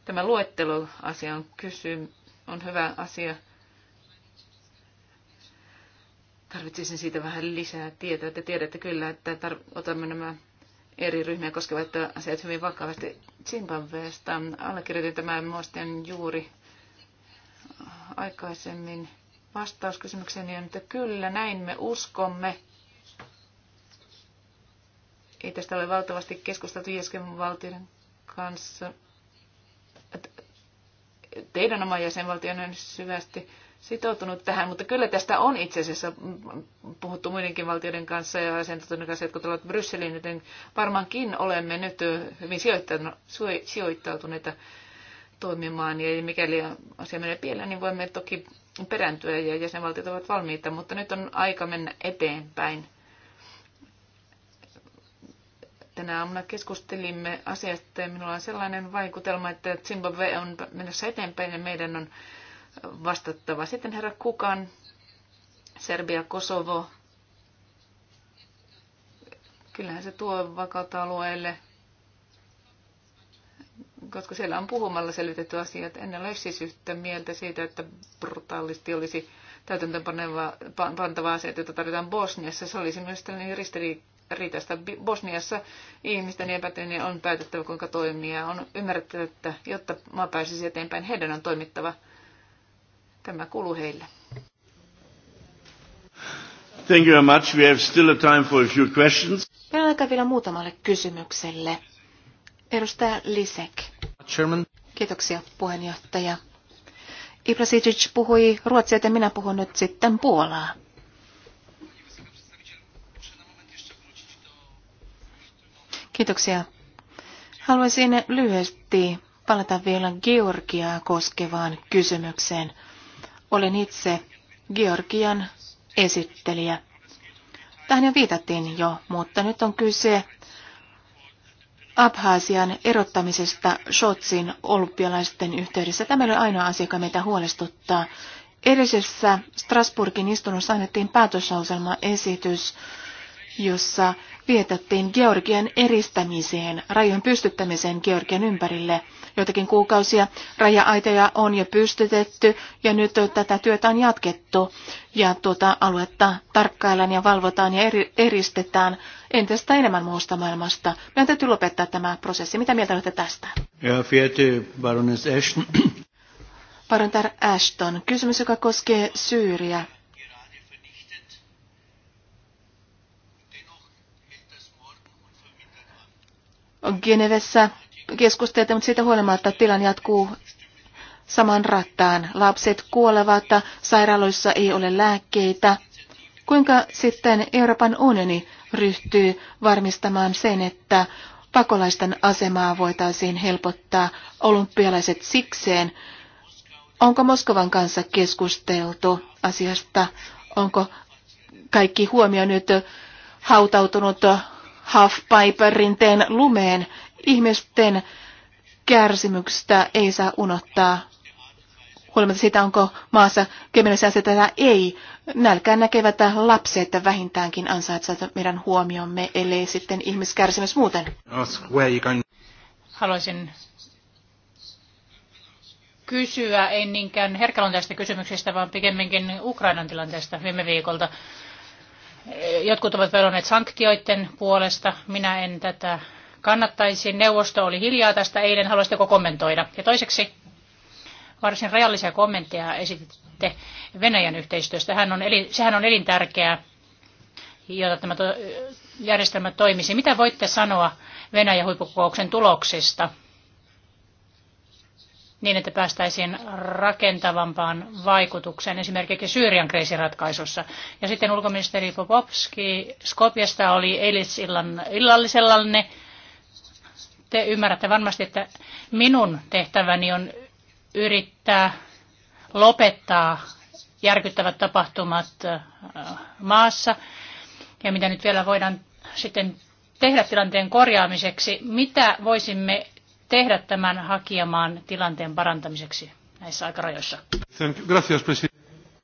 tämä luetteloasia on kysy, on hyvä asia. Tarvitsisin siitä vähän lisää tietoa. Te tiedätte kyllä, että otamme nämä eri ryhmiä koskevat asiat hyvin vakavasti. Zimbabweesta allekirjoitin tämän muistin juuri aikaisemmin vastauskysymykseni, on, että kyllä, näin me uskomme. Ei tästä ole valtavasti keskusteltu jäsenvaltioiden kanssa. Teidän oma jäsenvaltionne on syvästi sitoutunut tähän, mutta kyllä tästä on itse asiassa puhuttu muidenkin valtioiden kanssa ja asiantuntijoiden kanssa, jotka tulevat Brysseliin, joten varmaankin olemme nyt hyvin sijoittautuneita toimimaan ja mikäli asia menee pieleen, niin voimme toki perääntyä ja jäsenvaltiot ovat valmiita, mutta nyt on aika mennä eteenpäin. Tänä aamuna keskustelimme asiasta ja minulla on sellainen vaikutelma, että Zimbabwe on menossa eteenpäin ja meidän on vastattava. Sitten herra Kukan, Serbia, Kosovo. Kyllähän se tuo vakautta alueelle, koska siellä on puhumalla selvitetty asiat. En ole siis yhtä mieltä siitä, että brutaalisti olisi täytäntöönpantava asia, jota tarvitaan Bosniassa. Se olisi myös tällainen ristiriitaista. Bosniassa ihmisten epätyyni on päätettävä, kuinka toimia. On ymmärrettävä, että jotta maa pääsisi eteenpäin, heidän on toimittava – Tämä kuuluu heille. Thank you very much. We have still a time for a few questions. Meillä on aika vielä muutamalle kysymykselle. Edustaja Lisek. Chairman. Kiitoksia puheenjohtaja. Ibrasic puhui ruotsia, ja minä puhun nyt sitten puolaa. Kiitoksia. Haluaisin lyhyesti palata vielä Georgiaa koskevaan kysymykseen. Olen itse Georgian esittelijä. Tähän jo viitattiin jo, mutta nyt on kyse Abhaasian erottamisesta Shotsin olympialaisten yhteydessä. Tämä oli ainoa asia, joka meitä huolestuttaa. Edellisessä Strasburgin istunnossa annettiin päätöslauselmaesitys, jossa vietettiin Georgian eristämiseen, rajojen pystyttämiseen Georgian ympärille. Joitakin kuukausia raja aiteja on jo pystytetty ja nyt tätä työtä on jatkettu ja tuota aluetta tarkkaillaan ja valvotaan ja eri, eristetään entistä enemmän muusta maailmasta. Meidän täytyy lopettaa tämä prosessi. Mitä mieltä olette tästä? Ja, fiety, Baroness Ashton. Parantar Ashton, kysymys, joka koskee Syyriä Genevessä keskusteltiin, mutta siitä huolimatta tilanne jatkuu saman rattaan. Lapset kuolevat, sairaaloissa ei ole lääkkeitä. Kuinka sitten Euroopan unioni ryhtyy varmistamaan sen, että pakolaisten asemaa voitaisiin helpottaa olympialaiset sikseen? Onko Moskovan kanssa keskusteltu asiasta? Onko kaikki huomio nyt hautautunut halfpiperinteen lumeen. Ihmisten kärsimyksestä ei saa unohtaa. Huolimatta siitä, onko maassa kemiallisia asioita tai ei, nälkään näkevät lapset vähintäänkin ansaitsevat meidän huomiomme, ellei sitten ihmiskärsimys muuten. Haluaisin kysyä, ei niinkään herkälontaista kysymyksistä, kysymyksestä, vaan pikemminkin Ukrainan tilanteesta viime viikolta. Jotkut ovat vedonneet sanktioiden puolesta. Minä en tätä kannattaisi. Neuvosto oli hiljaa tästä eilen. Haluaisitteko kommentoida? Ja toiseksi varsin rajallisia kommentteja esititte Venäjän yhteistyöstä. Hän on, sehän on elintärkeää, jotta tämä järjestelmä toimisi. Mitä voitte sanoa Venäjän huippukokouksen tuloksista? niin, että päästäisiin rakentavampaan vaikutukseen esimerkiksi Syyrian kriisiratkaisussa. Ja sitten ulkoministeri Popovski Skopjasta oli eilisillan illallisellanne. Te ymmärrätte varmasti, että minun tehtäväni on yrittää lopettaa järkyttävät tapahtumat äh, maassa. Ja mitä nyt vielä voidaan sitten tehdä tilanteen korjaamiseksi? Mitä voisimme tehdä tämän hakijamaan tilanteen parantamiseksi näissä aikarajoissa? Gracias,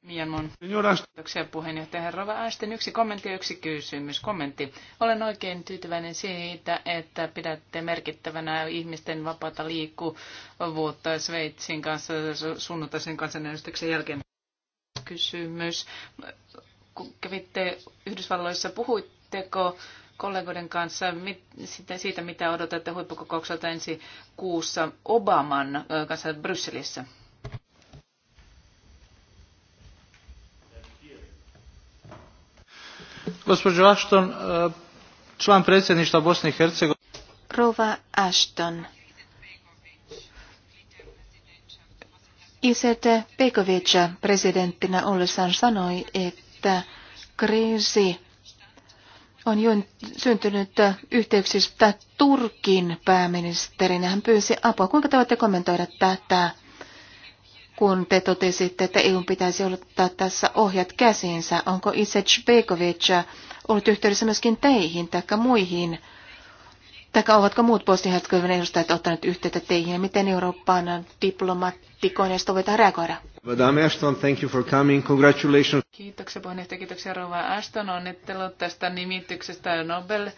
Mianmon. Kiitoksia puheenjohtaja herra Väestin. Yksi kommentti ja yksi kysymys. Kommentti. Olen oikein tyytyväinen siitä, että pidätte merkittävänä ihmisten vapaata liikkuvuutta Sveitsin kanssa sunnuntaisen kansanäänestyksen jälkeen. Kysymys. Kun kävitte Yhdysvalloissa, puhuitteko kollegoiden kanssa siitä, mitä odotatte huippukokoukselta ensi kuussa Obaman kanssa Brysselissä? Gospođo Ashton, član predsjedništva Bosne i Hercegovine. Rova Ashton. Iset Pekovic presidenttinä ollessaan sanoi, että kriisi on jo syntynyt äh, yhteyksistä Turkin pääministerin. Hän pyysi apua. Kuinka te voitte kommentoida tätä, kun te totesitte, että EU pitäisi ottaa tässä ohjat käsiinsä? Onko Isec Bekovic äh, ollut yhteydessä myöskin teihin tai muihin tai ovatko muut Bosnia-Herzegovina edustajat ottaneet yhteyttä teihin ja miten Eurooppaan diplomaattikoneisto voidaan reagoida? Madame Ashton, thank you for coming. Congratulations. Kiitoksia puheenjohtaja, kiitoksia Rova Ashton. Onnittelut tästä nimityksestä Nobel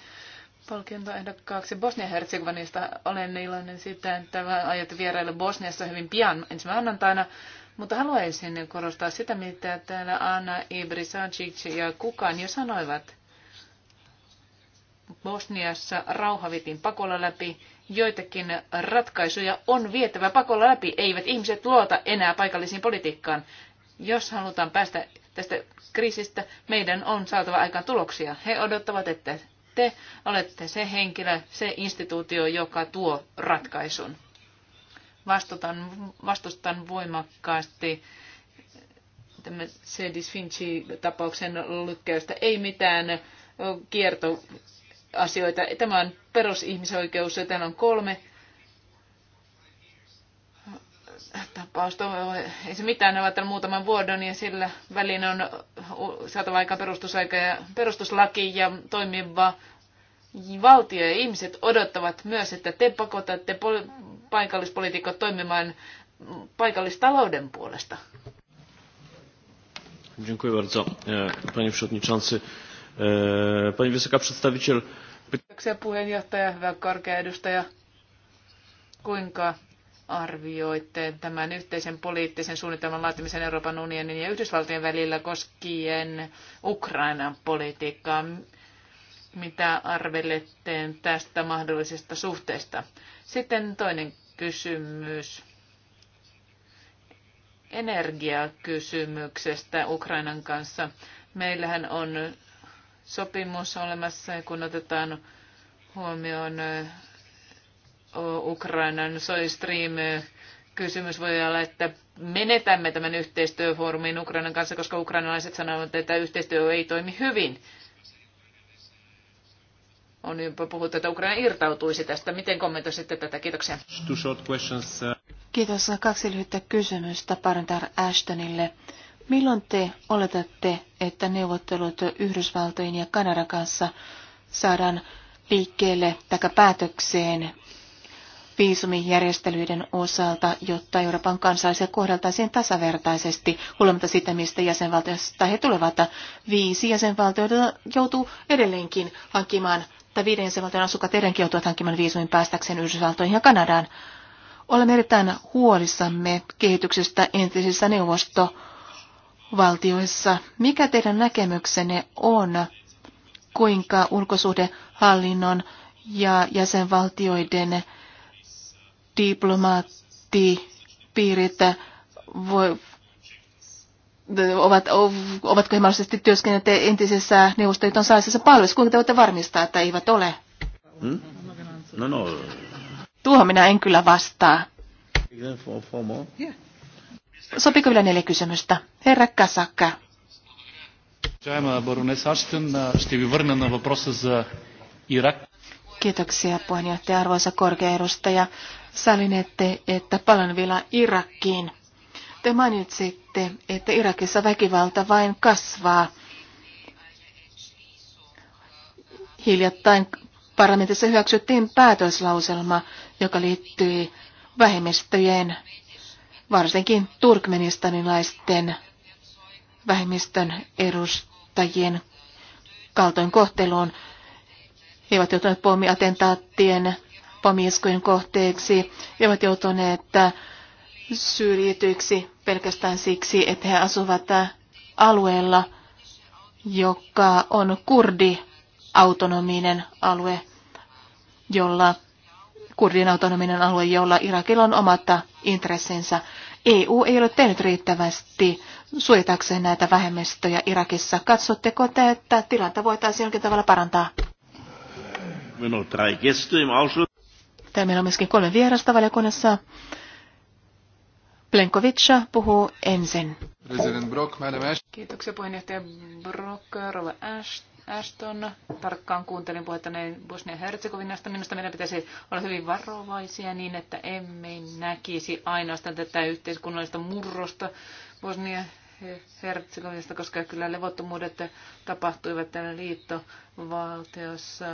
palkintoehdokkaaksi Bosnia-Herzegovinasta. Olen iloinen siitä, että aiotte vierailla Bosniassa hyvin pian ensi maanantaina. Mutta haluaisin korostaa sitä, mitä täällä Anna Ibrisacic ja kukaan jo sanoivat Bosniassa rauha vietiin pakolla läpi. Joitakin ratkaisuja on vietävä pakolla läpi. Eivät ihmiset luota enää paikallisiin politiikkaan. Jos halutaan päästä tästä kriisistä, meidän on saatava aikaan tuloksia. He odottavat, että te olette se henkilö, se instituutio, joka tuo ratkaisun. Vastutan, vastustan voimakkaasti tämä Sedis Finchi-tapauksen lykkäystä. Ei mitään kierto asioita. Tämä on perusihmisoikeus, täällä on kolme tapausta. Ei se mitään, ne ovat täällä muutaman vuoden ja sillä välin on saatava aikaan perustusaika ja perustuslaki ja toimiva valtio ja ihmiset odottavat myös, että te pakotatte pol- paikallispolitiikot toimimaan paikallistalouden puolesta. Dziękuję bardzo, e, panie przewodniczący. Pani Vysoka Przedstawiciel. Kiitoksia puheenjohtaja, hyvä korkea edustaja. Kuinka arvioitte tämän yhteisen poliittisen suunnitelman laatimisen Euroopan unionin ja Yhdysvaltojen välillä koskien Ukrainan politiikkaa? Mitä arvelette tästä mahdollisesta suhteesta? Sitten toinen kysymys energiakysymyksestä Ukrainan kanssa. Meillähän on sopimus olemassa, kun otetaan huomioon Ukrainan Soy kysymys voi olla, että menetämme tämän yhteistyöfoorumin Ukrainan kanssa, koska ukrainalaiset sanovat, että yhteistyö ei toimi hyvin. On jopa puhuttu, että Ukraina irtautuisi tästä. Miten kommentoisitte tätä? Kiitoksia. Kiitos. Kaksi lyhyttä kysymystä Parantar Ashtonille. Milloin te oletatte, että neuvottelut Yhdysvaltojen ja Kanadan kanssa saadaan liikkeelle tai päätökseen viisumijärjestelyiden osalta, jotta Euroopan kansalaisia kohdeltaisiin tasavertaisesti, huolimatta sitä mistä jäsenvaltioista he tulevat. Viisi jäsenvaltioita joutuu edelleenkin hankkimaan, tai viiden jäsenvaltion asukkaat edelleenkin joutuvat hankkimaan viisumin päästäkseen Yhdysvaltoihin ja Kanadaan. Olemme erittäin huolissamme kehityksestä entisissä neuvosto valtioissa. Mikä teidän näkemyksenne on, kuinka ulkosuhdehallinnon ja jäsenvaltioiden diplomaattipiirit voi, ovat, ovatko he mahdollisesti työskennelleet entisessä neuvostoliiton salaisessa palvelussa? Kuinka te voitte varmistaa, että eivät ole? Hmm? No, no. Tuohon minä en kyllä vastaa. Yeah, for, for more. Yeah. Sopiko vielä neljä kysymystä? Herra Kasakka. Kiitoksia puheenjohtaja, arvoisa korkea edustaja. Salinette, että palan vielä Irakkiin. Te mainitsitte, että Irakissa väkivalta vain kasvaa. Hiljattain parlamentissa hyväksyttiin päätöslauselma, joka liittyi vähemmistöjen varsinkin turkmenistanilaisten vähemmistön edustajien kaltoinkohteluun. He ovat joutuneet pommiatentaattien pommiiskujen kohteeksi he ovat joutuneet syrjityiksi pelkästään siksi, että he asuvat alueella, joka on kurdi autonominen alue, jolla Kurdien autonominen alue, jolla Irakilla on omatta intressinsä. EU ei ole tehnyt riittävästi suojatakseen näitä vähemmistöjä Irakissa. Katsotteko te, että tilanta voitaisiin jonkin tavalla parantaa? Täällä meillä on myöskin kolme vierasta valiokunnassa. Plenkovitsa puhuu ensin. President Brock, Kiitoksia puheenjohtaja Brock, Ashton. Ashton. Tarkkaan kuuntelin puhetta Bosnian Herzegovinasta. Minusta meidän pitäisi olla hyvin varovaisia niin, että emme näkisi ainoastaan tätä yhteiskunnallista murrosta Bosnia Herzegovinasta, koska kyllä levottomuudet tapahtuivat täällä liittovaltiossa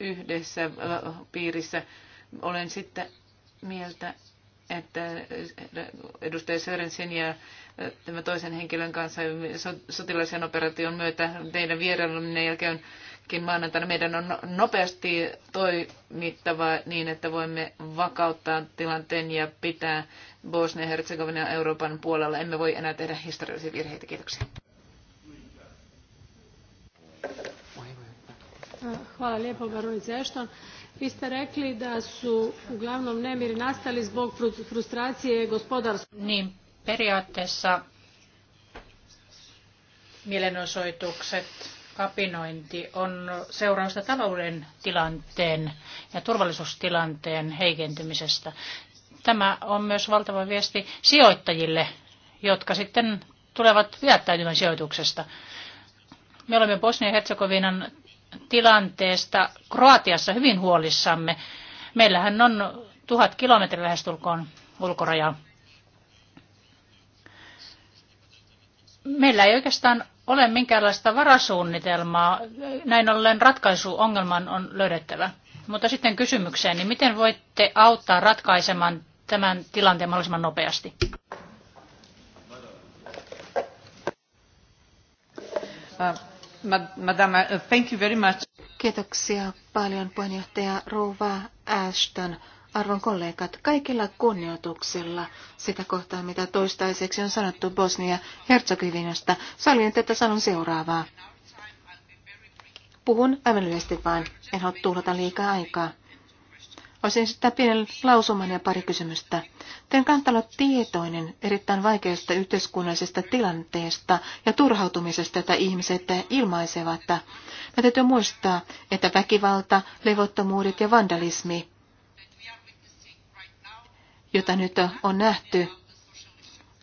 yhdessä piirissä. Olen sitten mieltä, että edustaja Sörensen ja tämän toisen henkilön kanssa sotilaisen operaation myötä teidän vierailunne jälkeenkin maanantaina meidän on nopeasti toimittava niin, että voimme vakauttaa tilanteen ja pitää Bosnia-Herzegovina Euroopan puolella. Emme voi enää tehdä historiallisia virheitä. Kiitoksia. Hvala lijepo, vi ste rekli da su uglavnom nemiri nastali zbog frustracije gospodarskog... Niin, periaatteessa mielenosoitukset, kapinointi on seurausta talouden tilanteen ja turvallisuustilanteen heikentymisestä. Tämä on myös valtava viesti sijoittajille, jotka sitten tulevat pidättäytymään sijoituksesta. Me olemme Bosnia-Herzegovinan tilanteesta Kroatiassa hyvin huolissamme. Meillähän on tuhat kilometriä lähestulkoon ulkorajaa. Meillä ei oikeastaan ole minkäänlaista varasuunnitelmaa. Näin ollen ratkaisu ongelman on löydettävä. Mutta sitten kysymykseen, niin miten voitte auttaa ratkaisemaan tämän tilanteen mahdollisimman nopeasti? Uh, Madame, uh, thank you very much. Kiitoksia paljon puheenjohtaja Rova Ashton. Arvon kollegat, kaikilla kunnioituksella sitä kohtaa, mitä toistaiseksi on sanottu Bosnia-Herzegovinasta, salin tätä sanon seuraavaa. Puhun aivan lyhyesti vain, en halua tuhlata liikaa aikaa. Voisin esittää pienen lausuman ja pari kysymystä. Teidän kannattaa olla tietoinen erittäin vaikeasta yhteiskunnallisesta tilanteesta ja turhautumisesta, jota ihmiset ilmaisevat. Me täytyy muistaa, että väkivalta, levottomuudet ja vandalismi, jota nyt on nähty,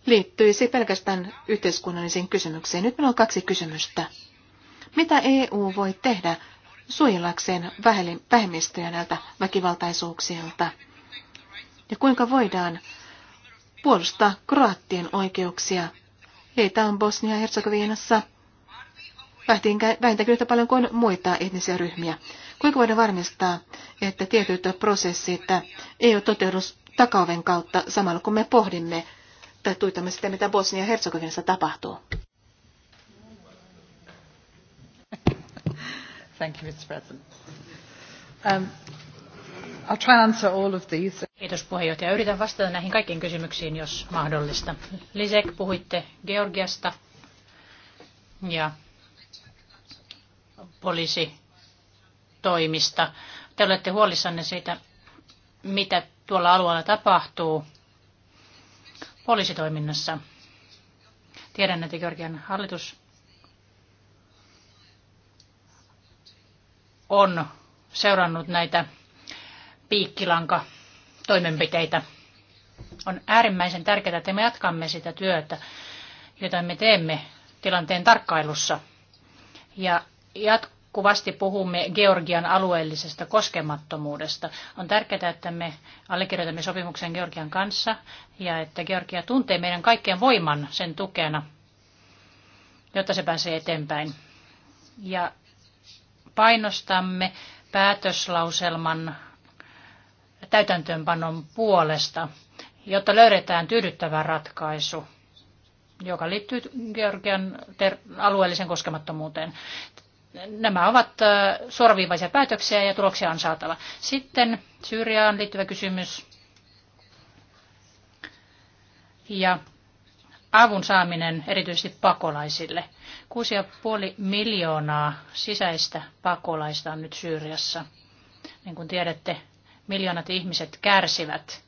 liittyisi pelkästään yhteiskunnallisiin kysymyksiin. Nyt meillä on kaksi kysymystä. Mitä EU voi tehdä suojellakseen vähemmistöjä näiltä väkivaltaisuuksilta? Ja kuinka voidaan puolustaa kroattien oikeuksia? Heitä on Bosnia-Herzegovinassa vähintäänkin yhtä paljon kuin muita etnisiä ryhmiä. Kuinka voidaan varmistaa, että tietyt prosessit ei ole toteudu takaoven kautta samalla kun me pohdimme tai tuitamme sitä, mitä Bosnia-Herzegovinassa tapahtuu? Thank Yritän vastata näihin kaikkiin kysymyksiin, jos mahdollista. Lisek, puhuitte Georgiasta ja poliisitoimista. Te olette huolissanne siitä, mitä tuolla alueella tapahtuu poliisitoiminnassa. Tiedän, että Georgian hallitus on seurannut näitä piikkilanka toimenpiteitä. On äärimmäisen tärkeää, että me jatkamme sitä työtä, jota me teemme tilanteen tarkkailussa. Ja jatkuvasti puhumme Georgian alueellisesta koskemattomuudesta. On tärkeää, että me allekirjoitamme sopimuksen Georgian kanssa ja että Georgia tuntee meidän kaikkien voiman sen tukena, jotta se pääsee eteenpäin. Ja painostamme päätöslauselman täytäntöönpanon puolesta, jotta löydetään tyydyttävä ratkaisu, joka liittyy Georgian ter- alueellisen koskemattomuuteen. Nämä ovat suoraviivaisia päätöksiä ja tuloksia on saatava. Sitten Syyriaan liittyvä kysymys ja avun saaminen erityisesti pakolaisille – 6,5 miljoonaa sisäistä pakolaista on nyt Syyriassa. Niin kuin tiedätte, miljoonat ihmiset kärsivät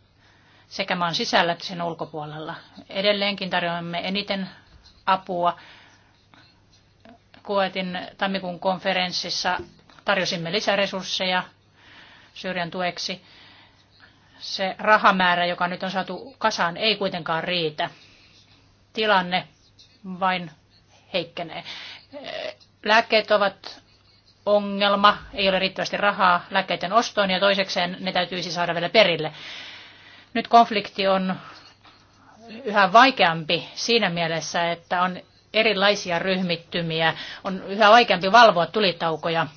sekä maan sisällä että sen ulkopuolella. Edelleenkin tarjoamme eniten apua. Kuetin tammikuun konferenssissa tarjosimme lisäresursseja Syyrian tueksi. Se rahamäärä, joka nyt on saatu kasaan, ei kuitenkaan riitä. Tilanne vain heikkenee. Lääkkeet ovat ongelma, ei ole riittävästi rahaa lääkkeiden ostoon ja toisekseen ne täytyisi saada vielä perille. Nyt konflikti on yhä vaikeampi siinä mielessä, että on erilaisia ryhmittymiä, on yhä vaikeampi valvoa tulitaukoja.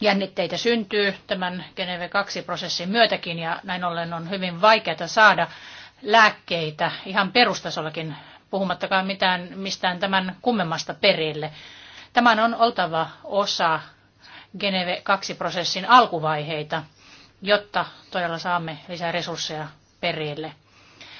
Jännitteitä syntyy tämän Geneve 2-prosessin myötäkin ja näin ollen on hyvin vaikeaa saada lääkkeitä ihan perustasollakin puhumattakaan mitään, mistään tämän kummemmasta perille. Tämän on oltava osa Geneve 2-prosessin alkuvaiheita, jotta todella saamme lisää resursseja perille.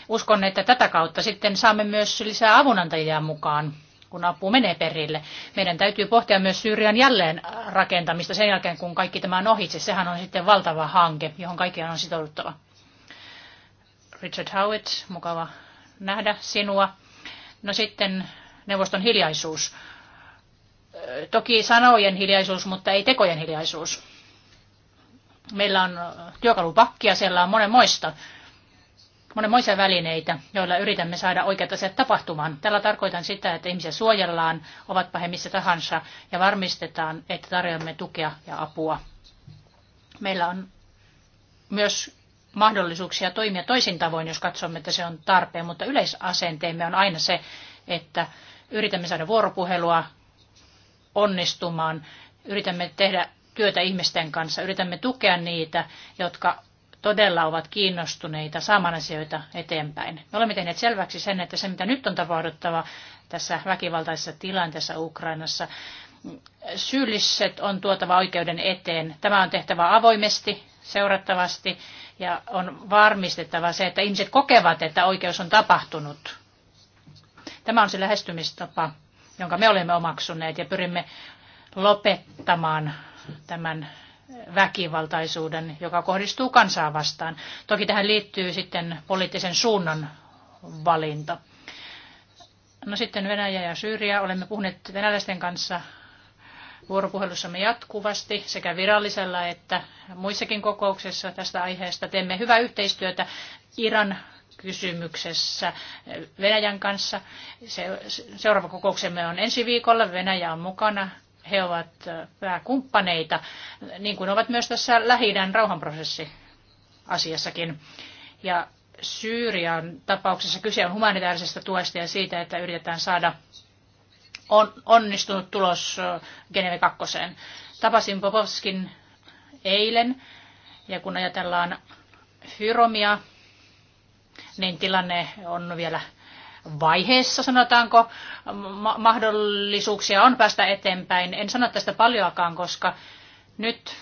Uskon, että tätä kautta sitten saamme myös lisää avunantajia mukaan, kun apu menee perille. Meidän täytyy pohtia myös Syyrian jälleen rakentamista sen jälkeen, kun kaikki tämä on ohitse. Sehän on sitten valtava hanke, johon kaikkiaan on sitouduttava. Richard Howitt, mukava nähdä sinua. No sitten neuvoston hiljaisuus. Toki sanojen hiljaisuus, mutta ei tekojen hiljaisuus. Meillä on työkalupakki ja siellä on monenmoista, monenmoisia välineitä, joilla yritämme saada oikeat asiat tapahtumaan. Tällä tarkoitan sitä, että ihmisiä suojellaan, ovat he missä tahansa, ja varmistetaan, että tarjoamme tukea ja apua. Meillä on myös mahdollisuuksia toimia toisin tavoin, jos katsomme, että se on tarpeen, mutta yleisasenteemme on aina se, että yritämme saada vuoropuhelua onnistumaan, yritämme tehdä työtä ihmisten kanssa, yritämme tukea niitä, jotka todella ovat kiinnostuneita saamaan asioita eteenpäin. Me olemme tehneet selväksi sen, että se mitä nyt on tapahduttava tässä väkivaltaisessa tilanteessa Ukrainassa, syylliset on tuotava oikeuden eteen. Tämä on tehtävä avoimesti, seurattavasti ja on varmistettava se, että ihmiset kokevat, että oikeus on tapahtunut. Tämä on se lähestymistapa, jonka me olemme omaksuneet ja pyrimme lopettamaan tämän väkivaltaisuuden, joka kohdistuu kansaa vastaan. Toki tähän liittyy sitten poliittisen suunnan valinta. No sitten Venäjä ja Syyria. Olemme puhuneet venäläisten kanssa vuoropuhelussamme jatkuvasti sekä virallisella että muissakin kokouksissa tästä aiheesta. Teemme hyvää yhteistyötä Iran kysymyksessä Venäjän kanssa. Seuraava kokouksemme on ensi viikolla. Venäjä on mukana. He ovat pääkumppaneita, niin kuin ovat myös tässä lähi rauhanprosessi asiassakin. Ja Syyrian tapauksessa kyse on humanitaarisesta tuesta ja siitä, että yritetään saada on, onnistunut tulos Geneve 2. Tapasin Popovskin eilen ja kun ajatellaan Fyromia, niin tilanne on vielä vaiheessa, sanotaanko, ma- mahdollisuuksia on päästä eteenpäin. En sano tästä paljoakaan, koska nyt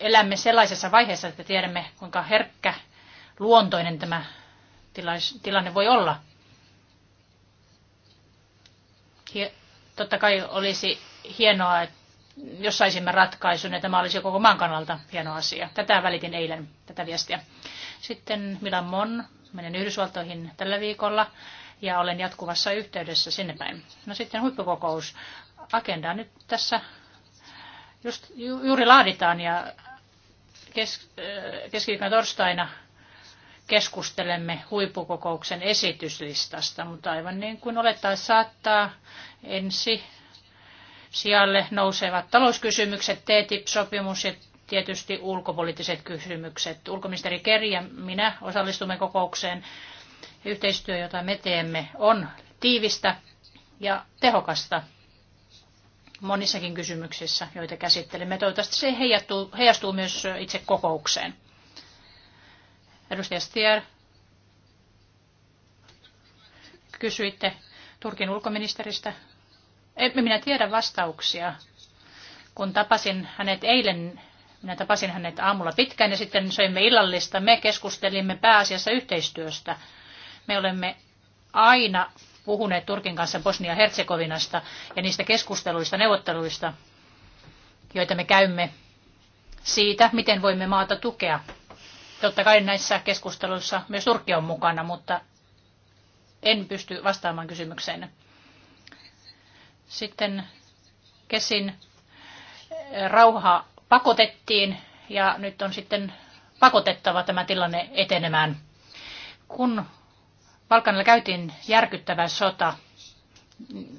elämme sellaisessa vaiheessa, että tiedämme, kuinka herkkä luontoinen tämä tilanne voi olla totta kai olisi hienoa, että jos saisimme ratkaisun, ja tämä olisi koko maan kannalta hieno asia. Tätä välitin eilen, tätä viestiä. Sitten Milan Mon, menen Yhdysvaltoihin tällä viikolla, ja olen jatkuvassa yhteydessä sinne päin. No sitten huippukokous. Agenda nyt tässä just, ju, juuri laaditaan, ja kes, keskiviikkona torstaina keskustelemme huippukokouksen esityslistasta, mutta aivan niin kuin olettaa saattaa, ensi sijalle nousevat talouskysymykset, TTIP-sopimus ja tietysti ulkopoliittiset kysymykset. Ulkoministeri Keri ja minä osallistumme kokoukseen. Yhteistyö, jota me teemme, on tiivistä ja tehokasta monissakin kysymyksissä, joita käsittelemme. Toivottavasti se heijastuu, heijastuu myös itse kokoukseen. Edustaja Stier, kysyitte Turkin ulkoministeristä. En minä tiedä vastauksia. Kun tapasin hänet eilen, minä tapasin hänet aamulla pitkään ja sitten söimme illallista. Me keskustelimme pääasiassa yhteistyöstä. Me olemme aina puhuneet Turkin kanssa Bosnia-Herzegovinasta ja niistä keskusteluista, neuvotteluista, joita me käymme siitä, miten voimme maata tukea Totta kai näissä keskusteluissa myös Turkki on mukana, mutta en pysty vastaamaan kysymykseen. Sitten kesin eh, rauha pakotettiin ja nyt on sitten pakotettava tämä tilanne etenemään. Kun Balkanilla käytiin järkyttävä sota,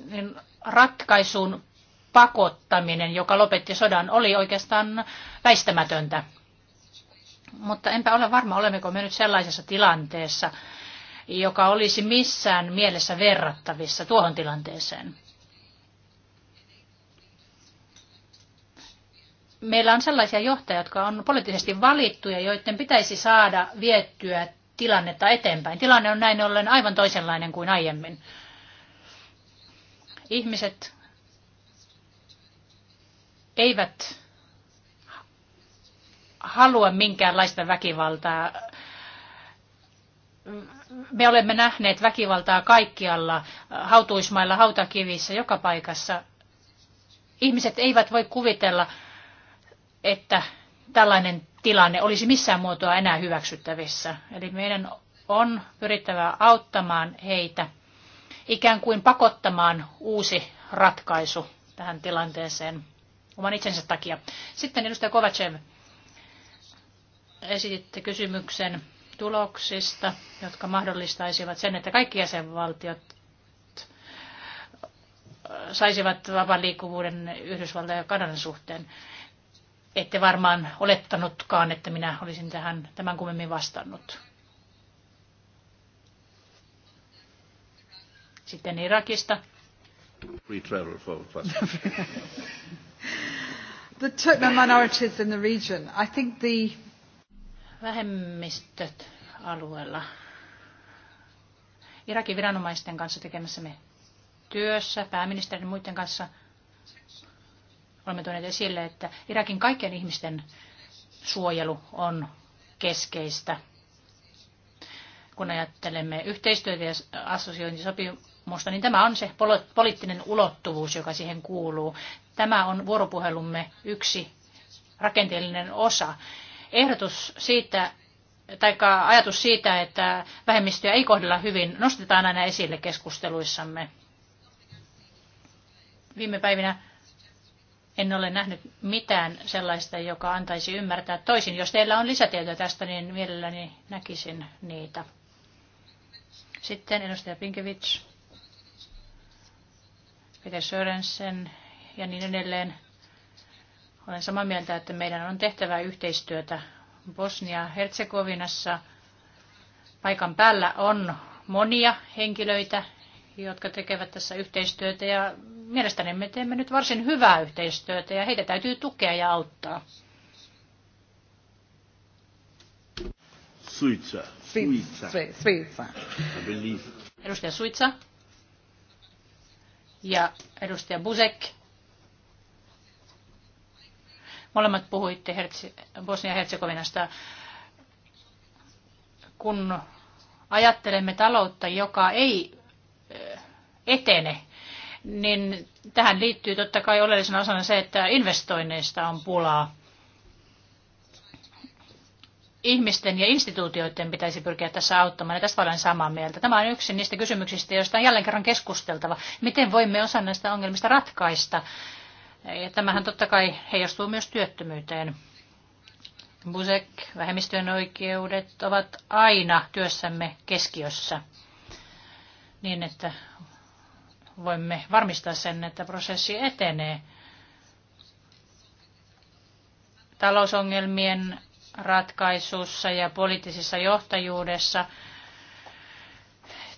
niin ratkaisun pakottaminen, joka lopetti sodan, oli oikeastaan väistämätöntä mutta enpä ole varma, olemmeko me nyt sellaisessa tilanteessa, joka olisi missään mielessä verrattavissa tuohon tilanteeseen. Meillä on sellaisia johtajia, jotka on poliittisesti valittuja, joiden pitäisi saada viettyä tilannetta eteenpäin. Tilanne on näin ollen aivan toisenlainen kuin aiemmin. Ihmiset eivät halua minkäänlaista väkivaltaa. Me olemme nähneet väkivaltaa kaikkialla, hautuismailla, hautakivissä, joka paikassa. Ihmiset eivät voi kuvitella, että tällainen tilanne olisi missään muotoa enää hyväksyttävissä. Eli meidän on pyrittävä auttamaan heitä, ikään kuin pakottamaan uusi ratkaisu tähän tilanteeseen oman itsensä takia. Sitten edustaja Kovacev Esititte kysymyksen tuloksista, jotka mahdollistaisivat sen, että kaikki jäsenvaltiot saisivat vapaan liikkuvuuden Yhdysvaltain ja Kanadan suhteen. Ette varmaan olettanutkaan, että minä olisin tähän tämän kummemmin vastannut. Sitten Irakista. Free travel for the Turkmen minorities in the region. I think the vähemmistöt alueella. Irakin viranomaisten kanssa tekemässämme työssä, pääministerin muiden kanssa olemme tuoneet esille, että Irakin kaikkien ihmisten suojelu on keskeistä. Kun ajattelemme yhteistyötä ja assosiointisopimusta, niin tämä on se poliittinen ulottuvuus, joka siihen kuuluu. Tämä on vuoropuhelumme yksi rakenteellinen osa ehdotus siitä, tai ajatus siitä, että vähemmistöjä ei kohdella hyvin, nostetaan aina esille keskusteluissamme. Viime päivinä en ole nähnyt mitään sellaista, joka antaisi ymmärtää toisin. Jos teillä on lisätietoja tästä, niin mielelläni näkisin niitä. Sitten edustaja Pinkevich, Peter Sörensen ja niin edelleen. Olen samaa mieltä, että meidän on tehtävä yhteistyötä Bosnia-Herzegovinassa. Paikan päällä on monia henkilöitä, jotka tekevät tässä yhteistyötä ja mielestäni me teemme nyt varsin hyvää yhteistyötä ja heitä täytyy tukea ja auttaa. Suitsa. Suitsa. Suitsa. Edustaja Suitsa ja edustaja Buzek. Molemmat puhuitte Bosnia-Herzegovinasta. Kun ajattelemme taloutta, joka ei eh, etene, niin tähän liittyy totta kai oleellisena osana se, että investoinneista on pulaa. Ihmisten ja instituutioiden pitäisi pyrkiä tässä auttamaan, ja tästä olen samaa mieltä. Tämä on yksi niistä kysymyksistä, joista on jälleen kerran keskusteltava. Miten voimme osan näistä ongelmista ratkaista? Ja tämähän totta kai heijastuu myös työttömyyteen. Busek, vähemmistöjen oikeudet ovat aina työssämme keskiössä niin, että voimme varmistaa sen, että prosessi etenee. Talousongelmien ratkaisussa ja poliittisessa johtajuudessa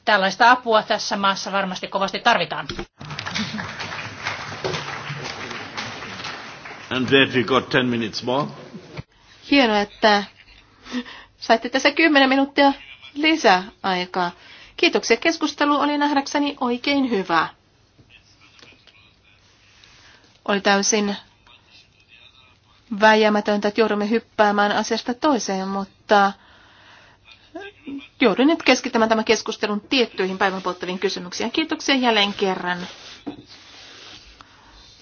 tällaista apua tässä maassa varmasti kovasti tarvitaan. And that we got 10 minutes more. Hienoa, että saitte tässä 10 minuuttia lisäaikaa? Kiitoksia. Keskustelu oli nähdäkseni oikein hyvä. Oli täysin väijämätöntä, että joudumme hyppäämään asiasta toiseen, mutta joudun nyt keskittämään tämän keskustelun tiettyihin päivän polttaviin kysymyksiin. Kiitoksia jälleen kerran.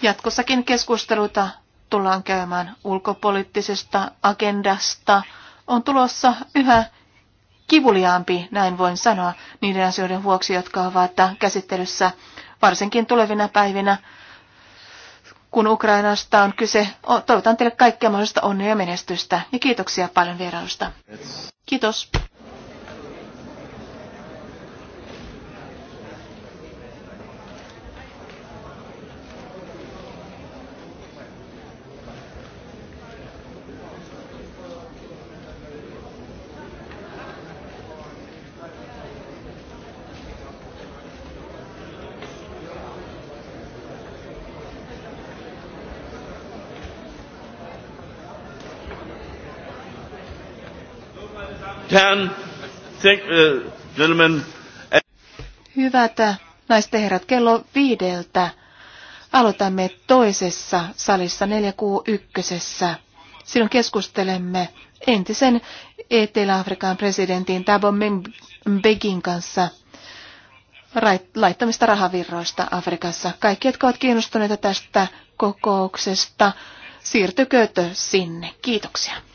Jatkossakin keskusteluta tullaan käymään ulkopoliittisesta agendasta, on tulossa yhä kivuliaampi, näin voin sanoa, niiden asioiden vuoksi, jotka ovat käsittelyssä varsinkin tulevina päivinä. Kun Ukrainasta on kyse, toivotan teille kaikkea mahdollista onnea ja menestystä ja kiitoksia paljon vierailusta. Kiitos. uh, gentlemen. Hyvät äh, naiset ja herrat, kello viideltä aloitamme toisessa salissa 4Q1. Silloin keskustelemme entisen Etelä-Afrikan presidentin Thabo Mbegin kanssa laittamista rahavirroista Afrikassa. Kaikki, jotka ovat kiinnostuneita tästä kokouksesta, siirtykö sinne. Kiitoksia.